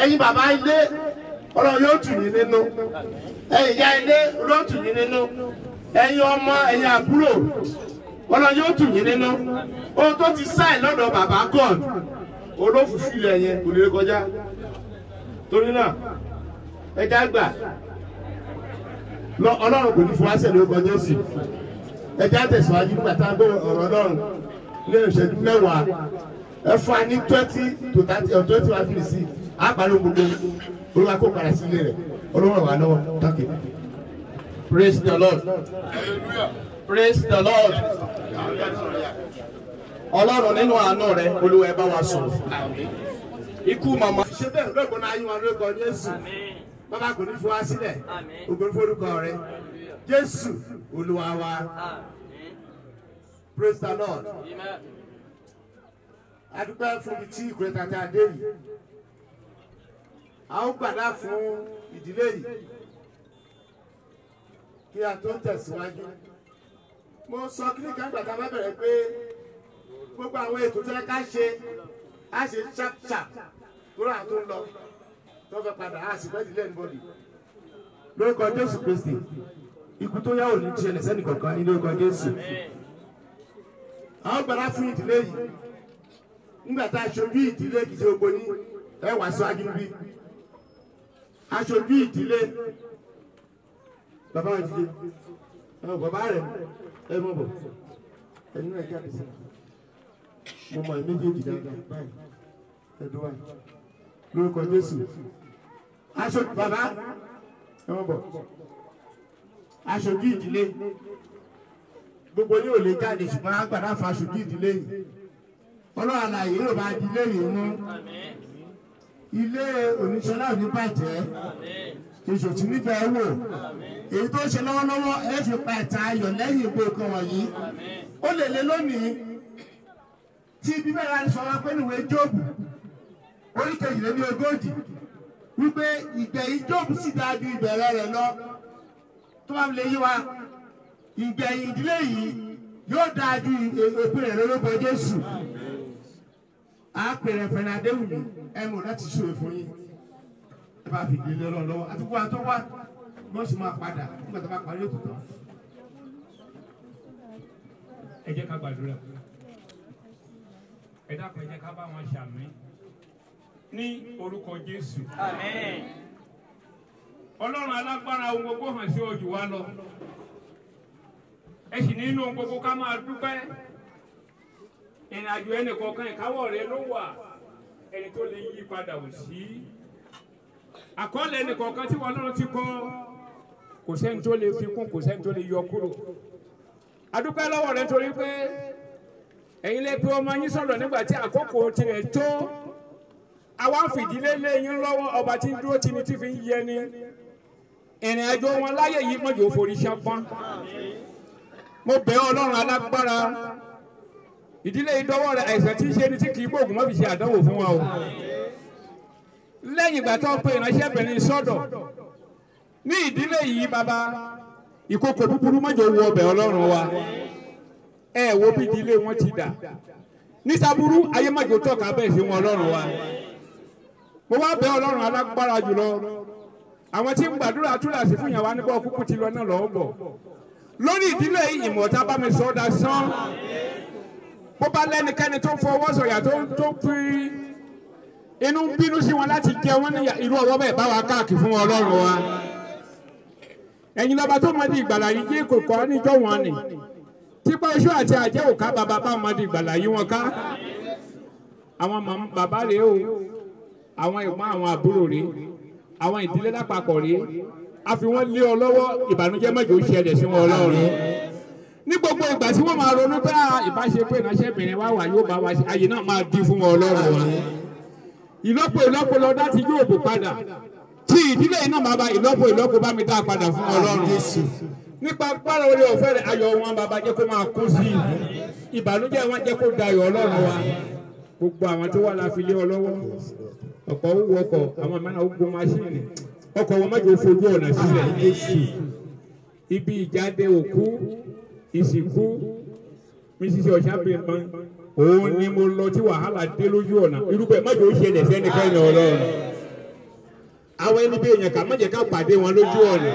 ẹ̀yin bàbá ilé ọlọ́run yóò tù yín nínú. ẹ̀yin ya ilé Ọlọ́run tù nínú ẹ̀yin ọmọ ẹ̀yin àbúrò Ọlọ́run yóò nínú ohun tó ti sáì lọ́dọ̀ bàbá God olófùfú ilẹ̀ yẹn kò lè kọjá torí náà ẹ gbà lọ Ọlọ́run kò ní fún wáṣẹ̀ ló kọjá sí tẹ̀síwájú nígbà tá a gbé ọ̀rọ̀ Ọlọ́run ní twenty to thirty or twenty one minutes àpàlọ́ gbogbo olóòrùn wa praise the lord praise the lord ọlọ́run rẹ olúwa ẹ bá wa sọ̀rọ̀ ikú màmá. ṣe bẹ́ẹ̀ lóko náà yín wọn lóko jésù bàbá kò ní fún wa sílẹ̀ ògbóni forúkọ jésù olúwa wa praise the lord adúpẹ́ fún a gbàdá ìdílé yìí kí a tó tẹ̀síwájú mo sọ kíríkà gbàgbà má bẹ̀rẹ̀ pé gbogbo àwọn ètò tí wọ́n ká ṣe á ṣe ṣàpṣàp kúrò àtó ń lọ tó fẹ́ padà á sì fẹ́ ìdílé nbọ̀dì lórúkọ Jésù Kristi ikú tó yá ò ní ṣẹlẹ̀ sẹ́nì kankan ní lórúkọ Jésù àwọn gbàrà fún ìdílé yìí nígbà tá a ṣojú ìdílé kìí ṣe gbogbo yín ẹ wàásù agínbí aṣojú ìdílé bàbá rẹ̀ dìde ẹ̀wọ̀n bàbá rẹ̀ ẹ̀ mọ̀ bọ̀ ẹ̀nu ẹ̀ jáde sí mo mọ̀ ẹ̀ méjèèjì dáadáa báyìí ẹ̀dùn wa lórúkọ Jésù aṣojú bàbá ẹ̀ mọ̀ bọ̀ aṣojú ìdílé gbogbo yóò lè jáde ṣùgbọ́n agbára fa aṣojú ìdílé yìí ọlọ́run àlàyé yóò bá ìdílé yìí mú ilé oníṣọlá ò ní bàjẹ́ ìṣòtí nígbà wò èyí tó ṣe lọ́wọ́lọ́wọ́ ẹ fi pa ẹ̀ta ayọ̀ lẹ́yìn ìgbò kan wọ̀nyí ó lè lé lónìí tí bíbélà sọ wá pé níwèé jóòbù orí kejìléní ogójì wípé ìgbẹ̀yìn jóòbù sì dáa ju ìbẹ̀rẹ̀ rẹ̀ lọ tó bá lè yí wa ìgbẹ̀yìn ìdílé yìí yóò dáa ju òpin rẹ̀ lórúkọ Jésù àpèrè fẹ̀nàdéwù mi. ẹnu láti ṣòro fún yín ẹ bá fi ìdílé lọ lọ́wọ́ àti kó wa tó wá wọ́n sì máa padà nígbà tó bá parí ètò tán. ẹ jẹ́ ká gbàdúrà ẹ dákun ẹ jẹ́ bá wọn ṣàmì ní orúkọ Jésù. ọlọ́run alágbára ohun gbogbo hàn sí ojú wa lọ ẹ sì nínú ohun gbogbo ká máa dúpẹ́ ìrìnàjò ẹnì kọ̀ọ̀kan rẹ ló ẹni tó lè yí padà ò sí àkọọ́lẹ̀ ẹnìkọ̀ọ̀kan tí wọn lọ́rọ̀ ti kọ́ kò sẹ́ni tó lè fi kún kò sẹ́ni tó lè yọ kúrò adúpẹ́ lọ́wọ́ rẹ torí pé ẹ̀yin lè pe ọmọ yín sọ̀rọ̀ nígbà tí àkókò tirẹ̀ tó àwa fìdílé lé yín lọ́wọ́ ọba tí ń dúró tì ní tí fi ń yẹ ni ìrìn àjò wọn láyé yìí mọ̀jọ́ forí ṣapọ́n mo bẹ̀ ọ́ ọlọ́run alágbára ìdílé ìdọ́wọ́ rẹ̀ àìsàn tí ń ṣe ni tí kì í bòògùn mọ́ fi ṣe àdánwò fún wa o lẹ́yìn ìgbà tó pe ìránṣẹ́ bẹ̀rẹ̀ sọ́dọ̀ ní ìdílé yìí bàbá ìkòkò búburú mọ́jọ wọ ọbẹ̀ ọlọ́run wa ẹ wo bí ìdílé wọn ti dà nísàbúrú ayé mọ́jọ tọ́ka bẹ́ẹ̀ fi wọn ọlọ́run wa mo wá bẹ̀ ọlọ́run alágbára jùlọ àwọn tí ń gbàdúrà túlàsì fún yàrá nígbà kúkú ti lọ náà lọ́ọ́ bọ̀ lórí ìdílé ìmọ̀ta bá mi sọ́ọ́ da sán. Amen bó bá lẹ́nikẹ́ni tó ń fọwọ́ sọ̀yà tó ń tó fi inú bínú sí wọn láti jẹ wọn ní irú ọ̀rọ̀ bẹ́ẹ̀ bá wa káàkiri fún ọlọ́run wa ẹ̀yin lọ́ba tó mọ̀ di ìgbàlà yìí jẹ́ kòkó níjọ́ wọn ni tipa iṣu àti àjẹ́ òká bàbá bá mọ̀ di ìgbàlà yìí wọn ká àwọn bàbá rèé o àwọn ẹ̀gbọ́n àwọn àbúrò rèé àwọn ìdílé lápapọ̀ rèé a fi wọ́n lé ọ lọ́wọ́ ìbànújẹ́ mẹ́jọ ṣẹlẹ̀ sí wọn ọlọ́run ní gbogbo ìgbà tí wọ́n máa ronú pé ah, ìbáṣepọ̀ ìránṣẹ́bìnrin wá wà yóò bá wa ṣe àyè náà máa dín fún wọn ọlọ́run wa ìlọ́pọ̀ ìlọ́pọ̀ lọ́dá ti yóò bò padà tí ìdílé iná máa bá ìlọ́pọ̀ ìlọ́pọ̀ bá mi dá padà fún ọlọ́run nípa pàrọ̀ orí ọ̀fẹ́ rẹ̀ ayọ̀ wọn bàbá jẹ́ kó máa kú sí ìbànújẹ́ wọn jẹ́ kó dayọ̀ ọlọ́run wa gbogbo àwọn tó wà láfilé ọlọ́wọ́ ọ̀pọ̀ owó ọkọ̀ àwọn mẹ́ta ogun máṣíìnì ọkọ̀ wọn má jẹ́ fojú ọ̀nà sílẹ̀ ibi ìjáde òkú ìsìnkú Mrs. Ọ̀ṣàbẹ̀mọ òun ni mo lọ tí wàhálà dé lójú ọ̀nà irúgbẹ́ má jẹ́ ó ṣẹlẹ̀ sẹ́nìkan ìyàn ọlọ́run àwọn ẹni bí èèyàn kà má jẹ́ ká pàdé wọn lójú ọ̀nà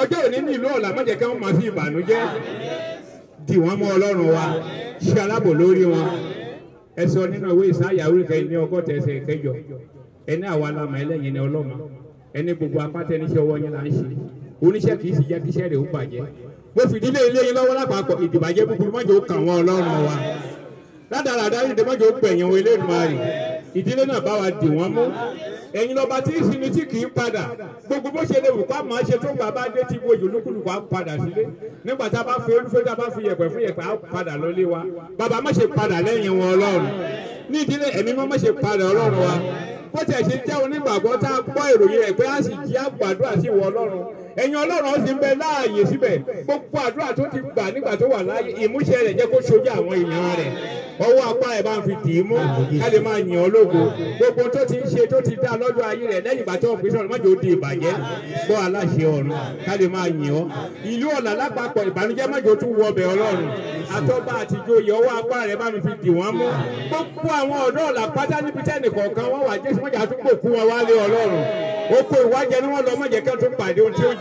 ọjọ́ òní ní ìlú ọ̀la má jẹ́ ká wọ́n máa fi ìbànújẹ́ dì wọ́n mọ́ ọlọ́run wa ṣe alábò lórí wọn ẹ sọ nínú ìwé ìsáyà oríkẹ ní ọgọ́ta ẹsẹ̀ kẹjọ ẹni àwa la mọ̀ ni ọlọ́mọ ẹni gbogbo apátẹ́niṣẹ́ ọwọ́ yẹn là ń ṣe oníṣẹ́ kì í sì jẹ́ kíṣẹ́ rẹ̀ ó bàjẹ́ mo fìdílé eléyìí lọ́wọ́ lápapọ̀ ìdìbàjẹ́ búburú mọ́jọ́ kàn wọ́n ọlọ́run wa ládàrá àdáyé ìdè mọ́jọ́ gbẹ̀yìn wọn Elédùmarè ìdílé náà bá wa dì wọ́n mú ẹ̀yin lọ́ba tí ń sinmi tí kì í padà gbogbo bó ṣe lè wù ká máa ṣe tó gbà bá dé tí gbòòjò lúkúlùkù á padà sílé nígbà tá a bá fi olúfẹ́ tá a bá fi yẹ̀pẹ̀ fún yẹ̀pẹ̀ á padà lọ́lé wa bàbá má ṣe padà lẹ́yìn wọn ọlọ́run ní ìdílé ẹ̀mí má ṣe padà ọlọ́run wa bó tiẹ̀ jẹ́ onígbàgbọ́ tá a gbọ́ ìròyìn ẹ̀ pé sì jí àgbàdo àti ìwọ ọlọ́run ẹ̀yin ọlọ́run ọ̀sìn bẹ láàyè síbẹ̀ gbogbo àdúrà tó ti gbà nígbà tó wà láàyè ìmúṣẹ rẹ̀ jẹ́ kó ṣojú àwọn èèyàn rẹ̀ ọwọ́ apá ẹ̀ bá ń fi dì í mú ká lè máa yìn ọ́ lógo gbogbo tó ti ń ṣe tó ti dá lọ́dọ̀ ayé rẹ̀ lẹ́yìn ìgbà tó ń pín sọ̀rọ̀ mọ́jọ́ di ìbàjẹ́ gbọ́ aláṣẹ ọ̀run ká lè máa yìn ọ́ ìlú ọ̀la lápapọ̀ ìbànújẹ́ mọ́jọ́ tún wọ ọbẹ̀ ọlọ́run àtọ́ba àtijọ́ ìyẹ́ ọwọ́ apá rẹ̀ bá mi fi dì wọ́n mú gbogbo àwọn ọ̀dọ́ ọ̀la pátá níbi tẹ́nì kọ̀ọ̀kan wọ́n wà jésù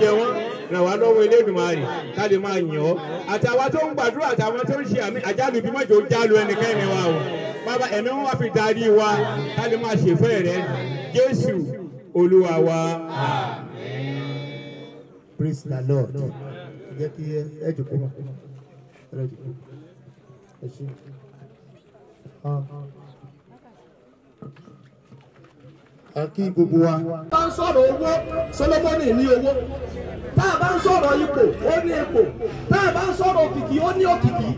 jẹ wọ́n ràn wá lọ́wọ́ Elédùmarè ká lè máa yìn ọ́ àtàwọn tó ń gbàdúrà àtàwọn tó ń ṣe àmì àjálù bí mọ́jọ́ jálu ẹnikẹ́ni wa o bàbá ẹ̀mí wọn fi darí wa ká lè máa ṣèfẹ́ rẹ Jésù Olúwa wa. Praise the Lord jẹ́ kí ẹ jòkó wa ẹ jòkó ẹ ṣe. a kí gbogbo wa. bá ń sọ̀rọ̀ owó Solomoni ní owó tá a bá ń sọ̀rọ̀ ipò ó ní ipò tá a bá ń sọ̀rọ̀ òkìkí ó ní òkìkí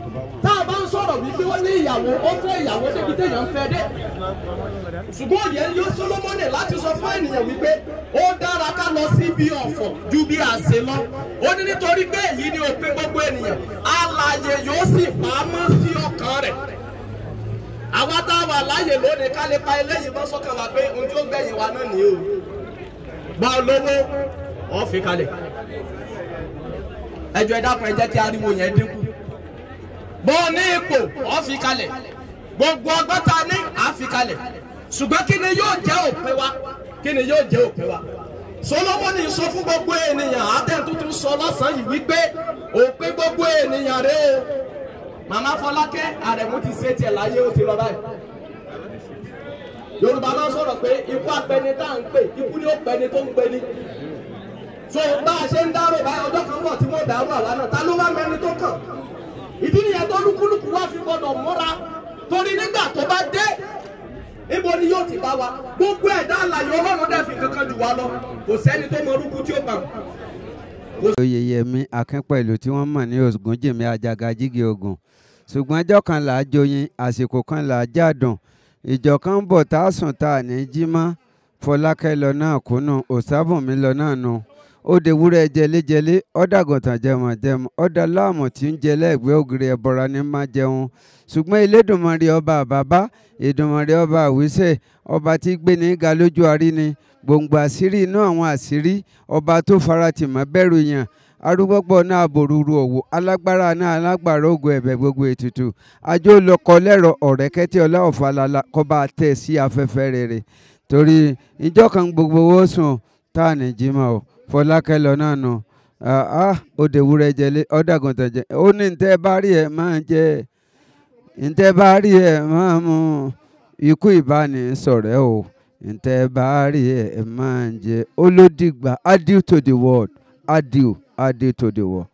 tá a bá ń sọ̀rọ̀ wípé ó ní ìyàwó ó fẹ́ ìyàwó débi téèyàn fẹ́ dé. ṣùgbọ́n òye ń yọ Solomoni láti sọ fún ènìyàn wípé ó dára ká lọ síbi ọ̀fọ̀ ju bí àṣẹ lọ ó ní nítorí pé èyí ni òpin gbogbo ènìyàn alààyè yóò sì pamọ́ sí ọkàn rẹ̀ àwa tá a wà láàyè lónìí ká lè pa eléyìí bọ́ sọ́kàn wá pé ohun tí ó gbẹ̀yìn wa náà nìyí o gba olówó ọ̀fi kalẹ̀ ẹjọ́ ẹ dákun ẹ jẹ́ kí ariwo yẹn dínkù bó o ní ipò ọ̀fi kalẹ̀ gbogbo ọgbọ́ta ní àfi kalẹ̀ ṣùgbọ́n kí ni yóò jẹ́ òpin wa kí ni yóò jẹ́ òpin wa solomoni sọ fún gbogbo ènìyàn àtẹ̀tútù sọ lọ́sàn-án yìí wípé òpin gbogbo ènìyàn rèé. màmá Fọlákẹ́ Àrẹ̀mú ti se tiẹ̀ ó ti lọ báyìí Yorùbá máa sọ̀rọ̀ pé ikú apẹni ta n ń iku ikú ni ó pẹni tó n pẹni so se ṣe ń dárò kan tí mo da àlá náà ta ló wá to tó kàn ìdí nìyẹn tó fi gbodo mora torí nígbà tó bá dé ibo ni yo ti ba wa gbogbo ẹ̀dá àlàyé ọlọ́run dẹ̀ fi ṣùgbọ́n ọjọ́ kan là á joyin àsìkò kan là á jádùn ìjọ kan ń bọ̀ tá a sùn tá a ní jí mọ́ fọlákẹ́ lọ náà kúnnù òsábùnmí lọ náà nù ó de wúrẹ́ jẹlẹ́jẹlé ọ̀dàgùntàn jẹmọ̀jẹmọ ọ̀dà láàmù tí ń jẹ lẹ́gbẹ́ ògiri ẹ̀bọra ní má jẹun ṣùgbọ́n Elédùmarè ọba àbábá Èdùmarè ọba àwísẹ̀ ọba tí gbéni ga lójú arí ni gbòǹgbò àṣírí inú àwọn àṣírí ọba tó faratì mọ́ bẹ̀rù yàn arúgbọ́gbọ́ náà bòrúurú òwò alágbára náà alagbara ògùn ẹ̀bẹ̀ gbogbo ètùtù ajó lọkọ lẹ́rọ ọ̀rẹ́kẹ́tì ọlá ọ̀fàlàlà kọ́ba tẹ̀ sí afẹ́fẹ́ rere torí ìjọ kan gbogbo owó sùn tá à o fọlákẹ́ lọ náà nù ah ó wúrẹ́ jẹlé ọ̀dàgùntàn jẹ ó ní bá rí ẹ̀ máa jẹ bá rí ikú ìbáni sọ̀rẹ́ o ntẹ́ bá rí ẹ̀ máa jẹ ó ló dìgbà adieu to the to adétòdèwọ̀.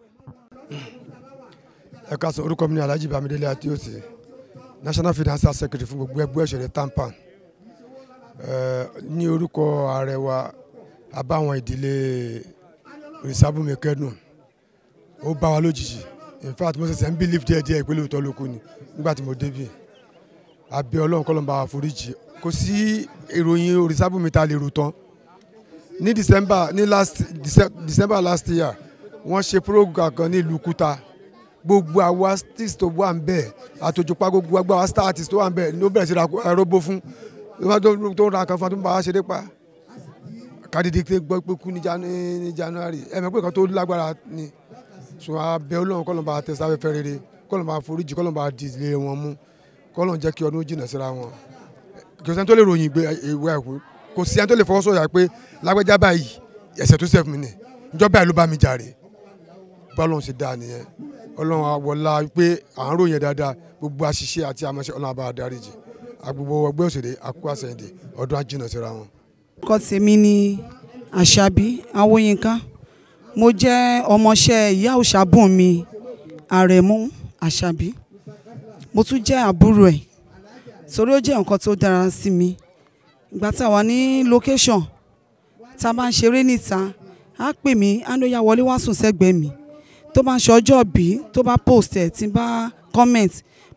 ẹ ká sọ orúkọ mi ní alhaji bamidele adéòsè national Financial secretary fún gbogbo ẹgbẹ́ òṣèré tampan ní orúkọ ààrẹ wa abáwọn ìdílé òrìṣàbùnmi kẹ́dùn ó bá wa lójijì in fact mo ṣẹ̀ṣẹ̀ ń believe díẹ̀ díẹ̀ ìpínlẹ̀ òótọ́ lókun ni nígbà tí mo débi àbí ọlọ́run kọ́lọ́n bá wa foríjì kò sí ìròyìn òrìṣàbùnmi ta lè rò tán ní december ní last december last year wọ́n ṣe program kan ní ìlú kúta gbogbo àwọn artist tó wà ń bẹ̀ àtòjúpa gbogbo àgbà àwọn star artist tó wà ń bẹ̀ ló bẹ̀rẹ̀ sí ra robo fún tó ń ra kan fún tó ń bá wa ṣe gbọ́ pé kú ní January ẹ̀mẹ́ pé kan tó lágbára ni sùn abẹ́ Ọlọ́run kọ́lọ́n bá tẹ̀sán afẹ́fẹ́ rere kọ́lọ́n bá foríjì kọ́lọ́n bá dìlé wọn mú kọ́lọ́n jẹ́ kí ọdún jìnnà síra wọn kò sẹ́ni tó lè ròyìn ìgbé ìwé àìkú kò sí ẹni tó lè fọwọ́sọ̀yà pé lágbẹ́já báyìí ẹ̀sẹ̀ tó sẹ́fù mi nì ìjọba ìlú bá mi jàre bọ́lọ̀ ṣe dáa nìyẹn ọlọ́run àwọ̀lá pé à ń ròyìn dáadáa gbogbo àṣìṣe àti àmọ́ṣẹ́ ọlọ́run àbá àdáríjì àgbogbo ọgbẹ́ òṣèré àkó àṣẹyìndè ọdún àjìnà síra wọn. orúkọ tèmi ni àṣàbí awóyinká mo jẹ́ ọmọọṣẹ́ ìyá òṣàbùnmi àrẹ̀mú àṣàbí mo tún jẹ́ àbúrò ẹ̀ torí ó jẹ́ nǹkan tó dára sí mi ìgbà tá a wà ní location tá a bá ń ṣeré níta á pè mí á ló yá wọlé wá sùn sẹ́gbẹ̀ẹ́ mi tó bá ṣọjọ́ bí tó bá post ẹ̀ tí bá comment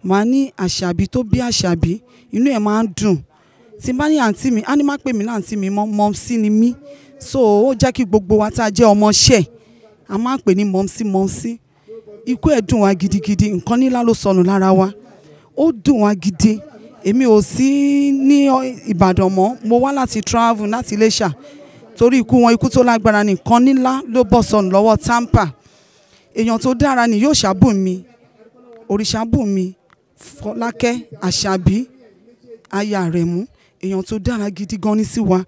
màá ní àṣàbí tó bí àṣàbí inú ẹ̀ máa ń dùn tí bá ní àǹtí mi á ní má pè mí láǹtí mi mọ́ mọ́mísí ni mí so ó jẹ́ kí gbogbo wa tá a jẹ́ ọmọọṣẹ́ a máa ń pè ní mọ́mísí mọ́mísí ikú ẹ̀ dùn wá gidigidi nǹkan nílá ló sọnù lára wa ó dùn wá gidi èmi ò sí ní Ìbàdàn mọ́ mo wá láti travel láti Iléṣà torí ikú wọn ikú tó lágbára nìkan nílá ló bọ́ sọnù lọ́wọ́ Tampa èèyàn tó dára ni yóò ṣàbùn mi òrìṣàbùn mi fọlákẹ́ àṣàbí aya rẹ̀ mú èèyàn tó dára gidi gan ní sí wa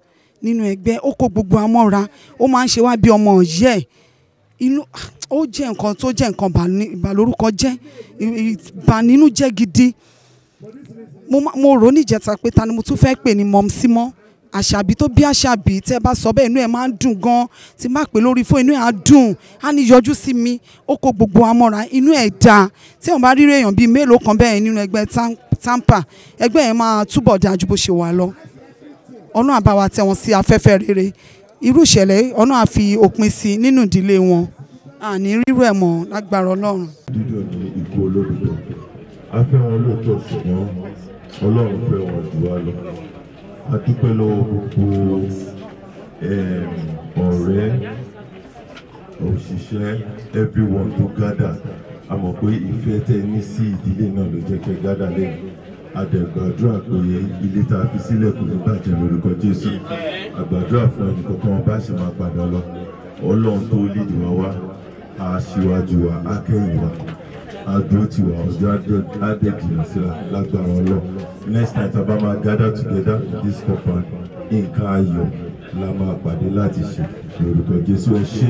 nínú ẹgbẹ́ ó kó gbogbo amọ́ra ó máa ń ṣe wá bí ọmọ ọ̀yẹ́ ẹ̀ inú ó jẹ́ nǹkan tó jẹ́ nǹkan balórúkọ jẹ́ ìbànínú jẹ́ gidi mo rò níjẹta pé ta ni mo tún fẹ́ pè ní mọ́mísímọ́ àṣàbí tó bí àṣàbí tẹ́ bá sọ bẹ́ẹ̀ inú ẹ̀ máa ń dùn gan tí má pè lórí fún inú ẹ̀ á dùn á ní yọjú sí mi ó kó gbogbo amọ́ra inú ẹ̀ dáa tí wọ́n bá rí èèyàn bíi mélòó kan bẹ́ẹ̀ nínú ẹgbẹ́ tampa ẹgbẹ́ yẹn máa túbọ̀ dáa ju bó ṣe wà lọ ọ̀nà àbáwá tẹ wọn sí afẹ́fẹ́ rere irú ìṣẹ̀lẹ̀ ọ̀nà àfi òpin sí nínú ìdílé wọn àní rírú ẹ̀ mọ́ lágbára ọlọ́run. dídùn ní ikú olórí lọ afẹ́ wọn lóòótọ́ ṣùgbọ́n ọlọ́run fẹ́ wọn jù wá lọ a dúpẹ́ lọ́wọ́ gbogbo ọ̀rẹ́ òṣìṣẹ́ everyone tó gádà a mọ̀ pé ìfẹ́ tẹ ní sí ìdílé náà ló jẹ́ kẹ́ gádà lẹ́yìn àdẹ̀gbàdúrà pé ilé tá a fi sílẹ̀ kò ní bàjẹ́ lórúkọ Jésù àgbàdúrà fún ẹnì kankan bá ṣe máa padà lọ ọlọ́run tó lídìí wá wá aṣíwájú wa akẹ́yìn wa adúró tiwa ọjọ́ adé jìnnà síra lágbára ọlọ́run next time tá a bá máa gather together in this compound nǹkan ayọ̀ la máa pàdé láti ṣe lórúkọ Jésù ẹ ṣé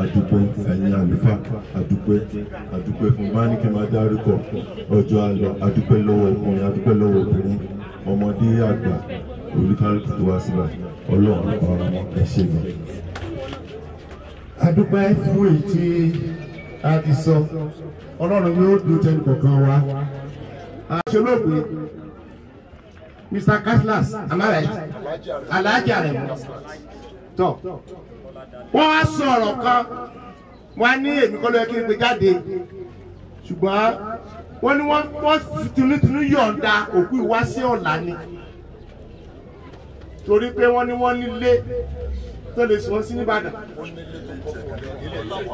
àdúpẹ́ ẹ̀yin àlùfáà àdúpẹ́ àdúpẹ́ fún bá ní kí n máa dárúkọ ọjọ́ àlọ́ àdúpẹ́ lọ́wọ́ ọkùnrin àdúpẹ́ lọ́wọ́ obìnrin ọmọdé àgbà olùkálùkù tó wá síbà ọlọ́run ọ̀rọ̀ wọn ẹ ṣé gan. àdúpẹ́ fún èyí tí a ti sọ ọlọ́run yóò dùn tẹnukọ̀ọ̀kan wa àṣelóògbé. Mr. Kaslas, am I right? Alhaji Aremu. Tọ́. Wọ́n wá sọ ọ̀rọ̀ kan, wọ́n á ní èmi kọ́ ló yẹ kí n gbé jáde. Ṣùgbọ́n wọ́n ní wọ́n tinútinú yọ̀ǹda òkú ìwá sí ọ̀la ni. Torí pé wọ́n ní wọ́n nílé tó lè sùn sí nìbàdàn.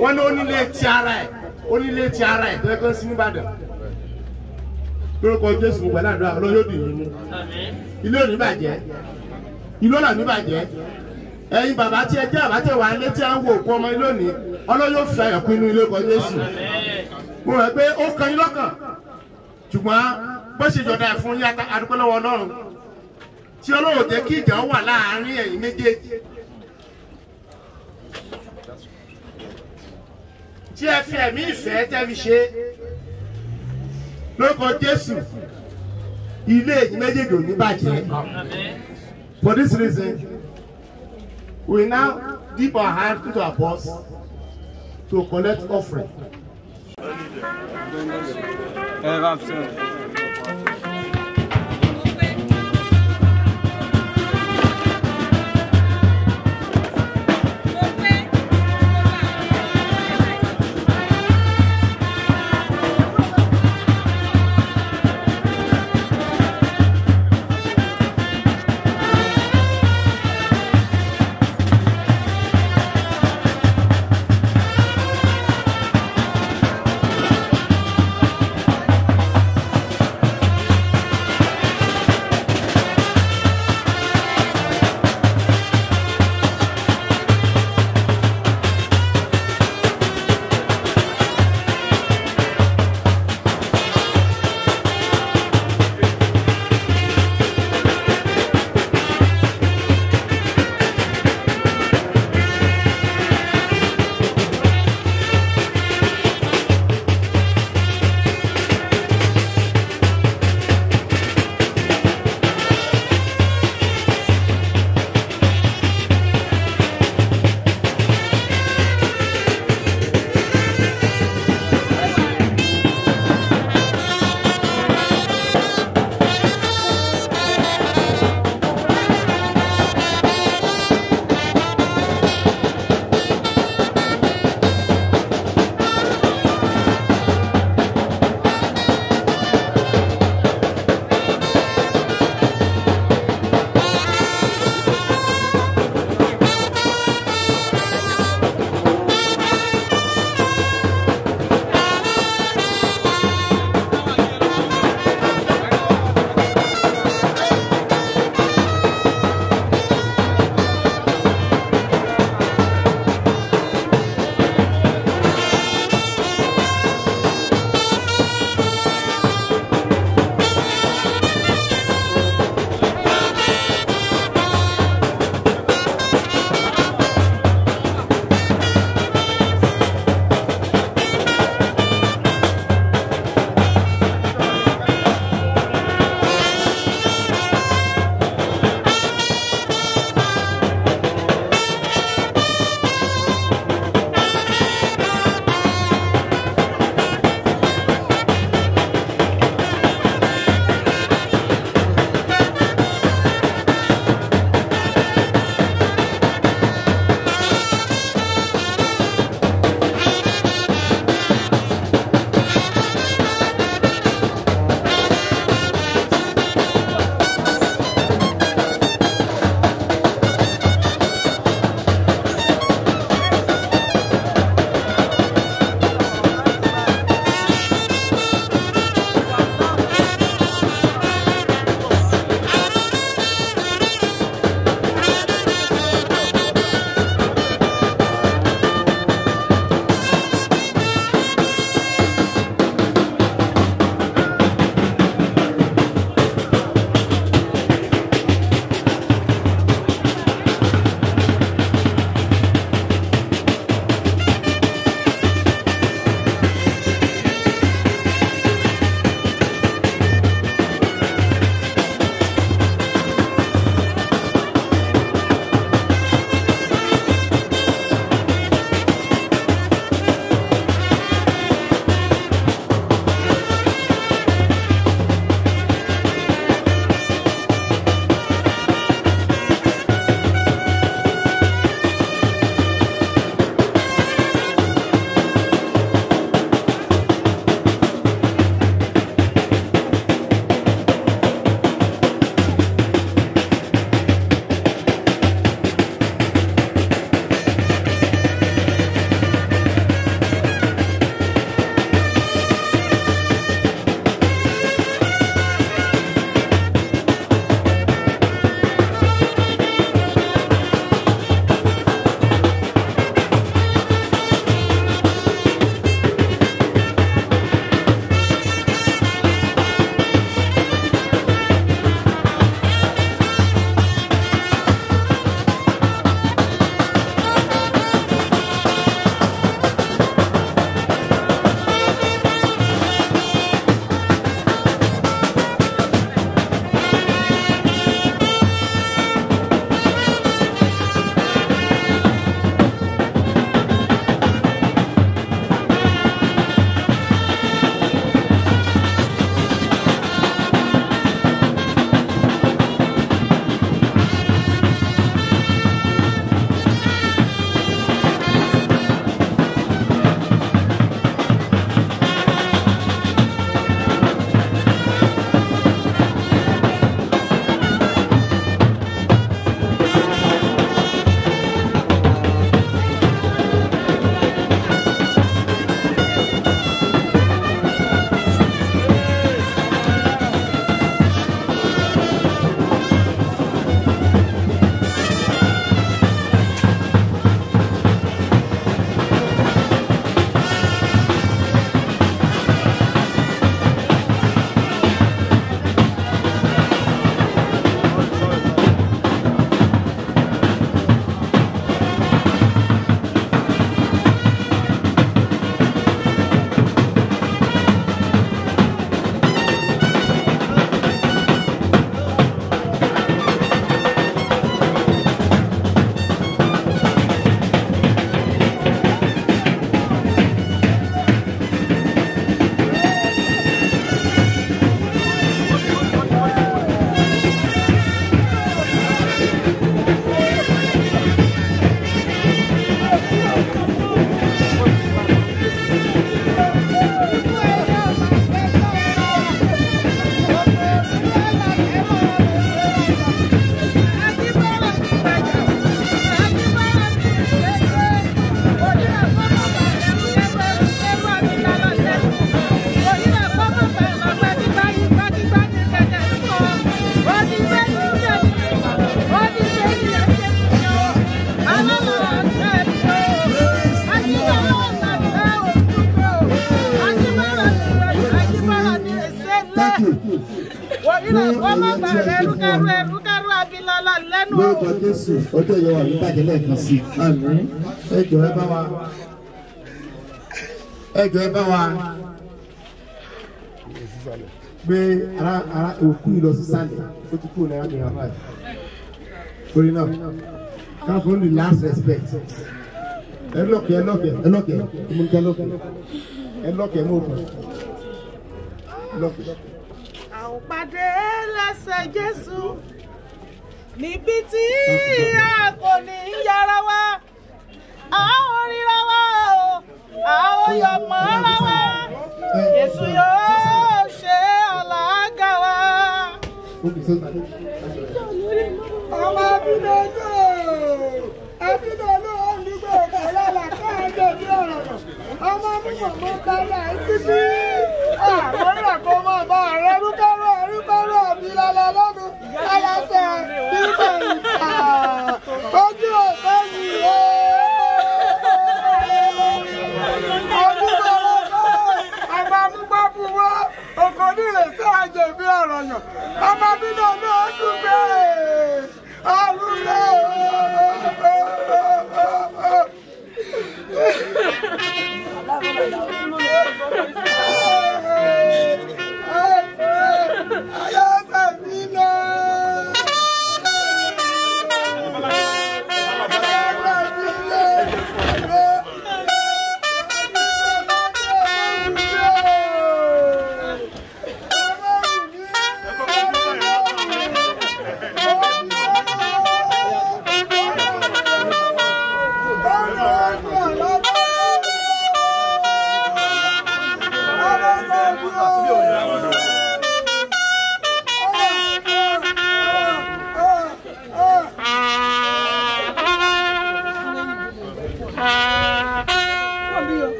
Wọ́n ní onílé ti ara ẹ̀, onílé ti ara ẹ̀ tó yẹ kó sí nìbàdàn lórúkọ Jésù gbogbo àdúrà Ọlọ́run yóò dìyìn mú ilé òní bàjẹ́ ìlú ọ̀nà ní bàjẹ́ ẹ̀yin bàbá tí ẹ jẹ́ bàbá tẹ̀ wá ilé tí a ń wo òkú ọmọ ilé òní Ọlọ́run yóò fẹ́ ẹ̀kú inú ilé ọkọ Jésù mo rẹ̀ pé ó kan yín lọ́kàn ṣùgbọ́n bó ṣe jọ̀dá ẹ̀ fún yín adúpẹ́ lọ́wọ́ Ọlọ́run tí Ọlọ́run jẹ́ kí ìjà wà láàárín ẹ̀yin méjèèjì tí ẹ fi ẹ̀mí ìfẹ́ tẹ́ fi ṣe lórúkọ Jésù ilé ẹ̀yin méjèèjì ò ní bàjẹ́ for this reason we now dip our heart into our purse to collect offering. Jésù ọjọ́ ìyẹn wà nígbàjẹ́ lẹ́ẹ̀kan sí i àmín ẹ jọ̀ọ́ ẹ bá wa ẹ jọ̀ọ́ ẹ bá wa gbé ara ara òkú ìlọ sísàlẹ̀ ó ti kú náírà mìíràn báyìí torí náà ká fún the last respect ẹlọ́kẹ̀ ẹlọ́kẹ̀ ẹlọ́kẹ̀ ẹmúkẹ́ ẹlọ́kẹ̀ ẹlọ́kẹ̀ mọ́ọ̀kù ẹlọ́kẹ̀. àwòpàdé lẹ́sẹ̀ Jésù níbi tí a kò ní yára wa a ó ríra wa o a ó yọ̀ mọ́ra wa Jésù yóò ṣe alága wa. ọmọ bíbẹ tó ẹbí náà ló ọ̀gá lára káàdé bí ọ̀rọ̀ ọmọ mímọ̀ mọ́ kára adírẹ̀sí àjẹ̀bí ọ̀rọ̀ yàn ọmọ bínú náà dùgbẹ́ àrùlé.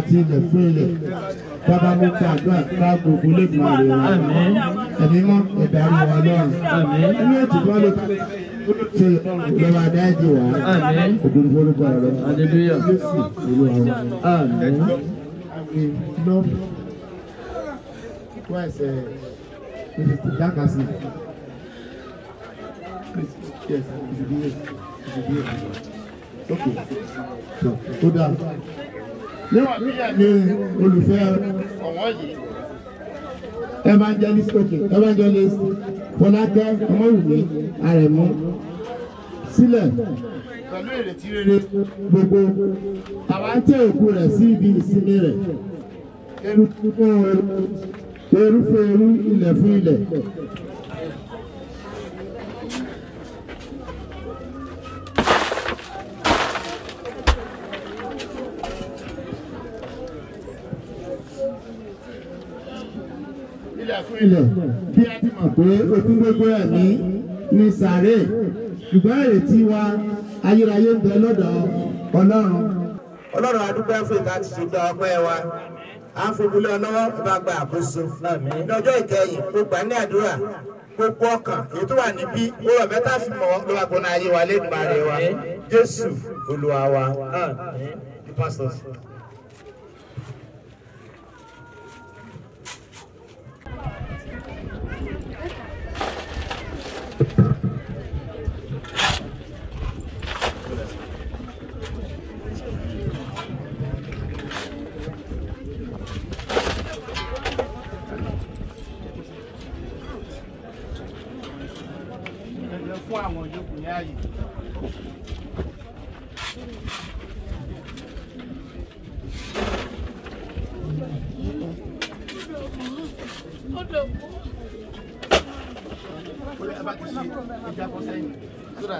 àti ilẹ̀ fún ilẹ̀ bàbá mo gbàdúrà ká gbogbo lè máa rè wọn ẹ̀mí mọ́ ẹ̀dá mi wà lọ́rùn ẹ̀mí ètò bọ́ ló ká ṣe ìjọba dájú wá ògùn forúkọ rẹ yóò sì ìlú àwọn. Christ, uh, Mrs. Dakasi. Chris, yes, Mrs. Okay, so, good afternoon níwọ̀n tí ẹ̀yin olùfẹ́ ọ̀wọ́n yìí. evangelist ok evangelist fọlákẹ́ ọmọwùmí àrẹ̀mú sílẹ̀ pẹ̀lú ìrètí rere gbogbo àwa tẹ òkú rẹ̀ sí ibi ìsinmi rẹ̀ eruku fún eru erufeeru ilẹ̀ fún ilẹ̀. rinlẹ̀ kí a ti mọ̀ pé ogún gbogbo ẹ̀mí ní sàárè ṣùgbọ́n ìrètí wa ayérayé ń bẹ lọ́dọ̀ ọlọ́run. ọlọ́run adúgbò fún ìta ti ṣe gba ọpẹ́ wa à ń fojú lé ọlọ́wọ́ bá gba àkóso ní ọjọ́ ìkẹyìn gbogbo àní àdúrà gbogbo ọkàn èyí tó wà níbí ó rọ̀ mẹ́ta fi mọ́ ló bá gbóná ayé wa lẹ́nu ààrẹ wa Jésù Olúwa wa. The pastors. Jésù mi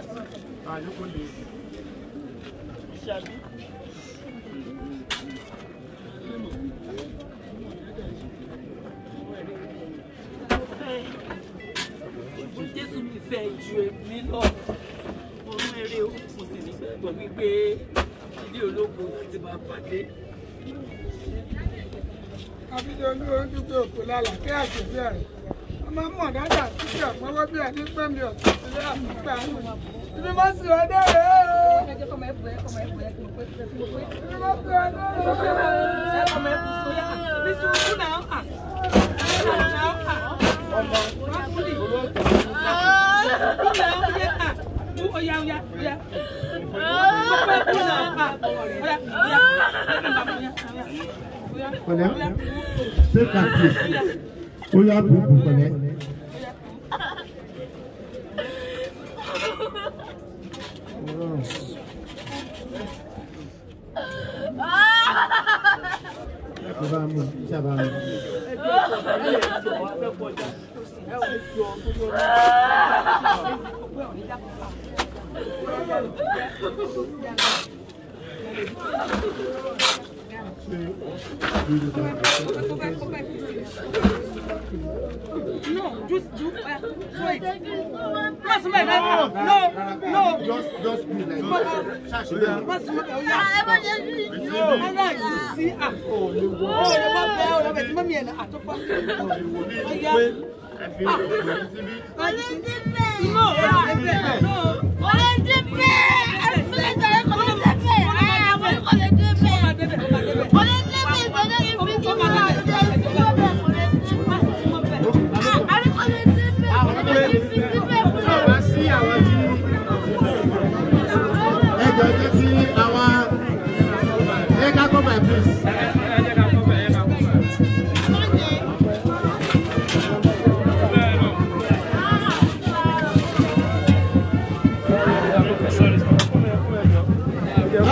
fẹ́ you èmi lọ. Mo rún eré orúkọ sí ní gbàgbọ́ wípé ilé ológun ti máa ọmọ mọ̀ dáadáa títí ọ̀pọ̀ wọ́n bí ẹni pẹ́ mi ọ̀tún ti lé àmúgbà wọn. Ibi má sì wá dáre o. Ibi má sì wá dáre o. Bí sùúrù náà ń kà. Sùúrù náà ń kà. Ọmọ wákùlì. Sùúrù náà ń yé kà. Mú oya oya oya. Ọmọ ẹ̀kú náà ń kà. Oya oya oya. Oya. Take a break. ó yá bùbù pẹ̀lẹ́. sábàmù sábàmù. No, just do uh, wait. What's my name? No, no. Just, just be like. What's my name? What's my name? I want to. No, I like you see. Ah, oh, you want. Oh, the bad boy. Oh, the bad mommy and I talk about. Oh, yeah. Ah, no, no, no. Oh, the bad.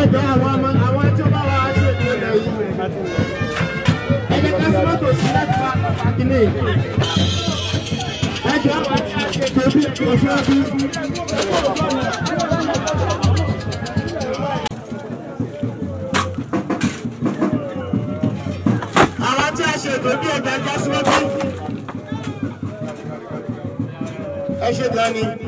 ọ̀dọ̀ àwọn ọmọ àwọn tí ó bá wà á ṣe ìpínlẹ̀ yìí. ẹni ká sí mọ́tò sí láti wá pàtàkì ní ìlú. ẹjọ́ pàtàkì àti ètò bí òṣèlú bí. Ẹ ṣe gan ni.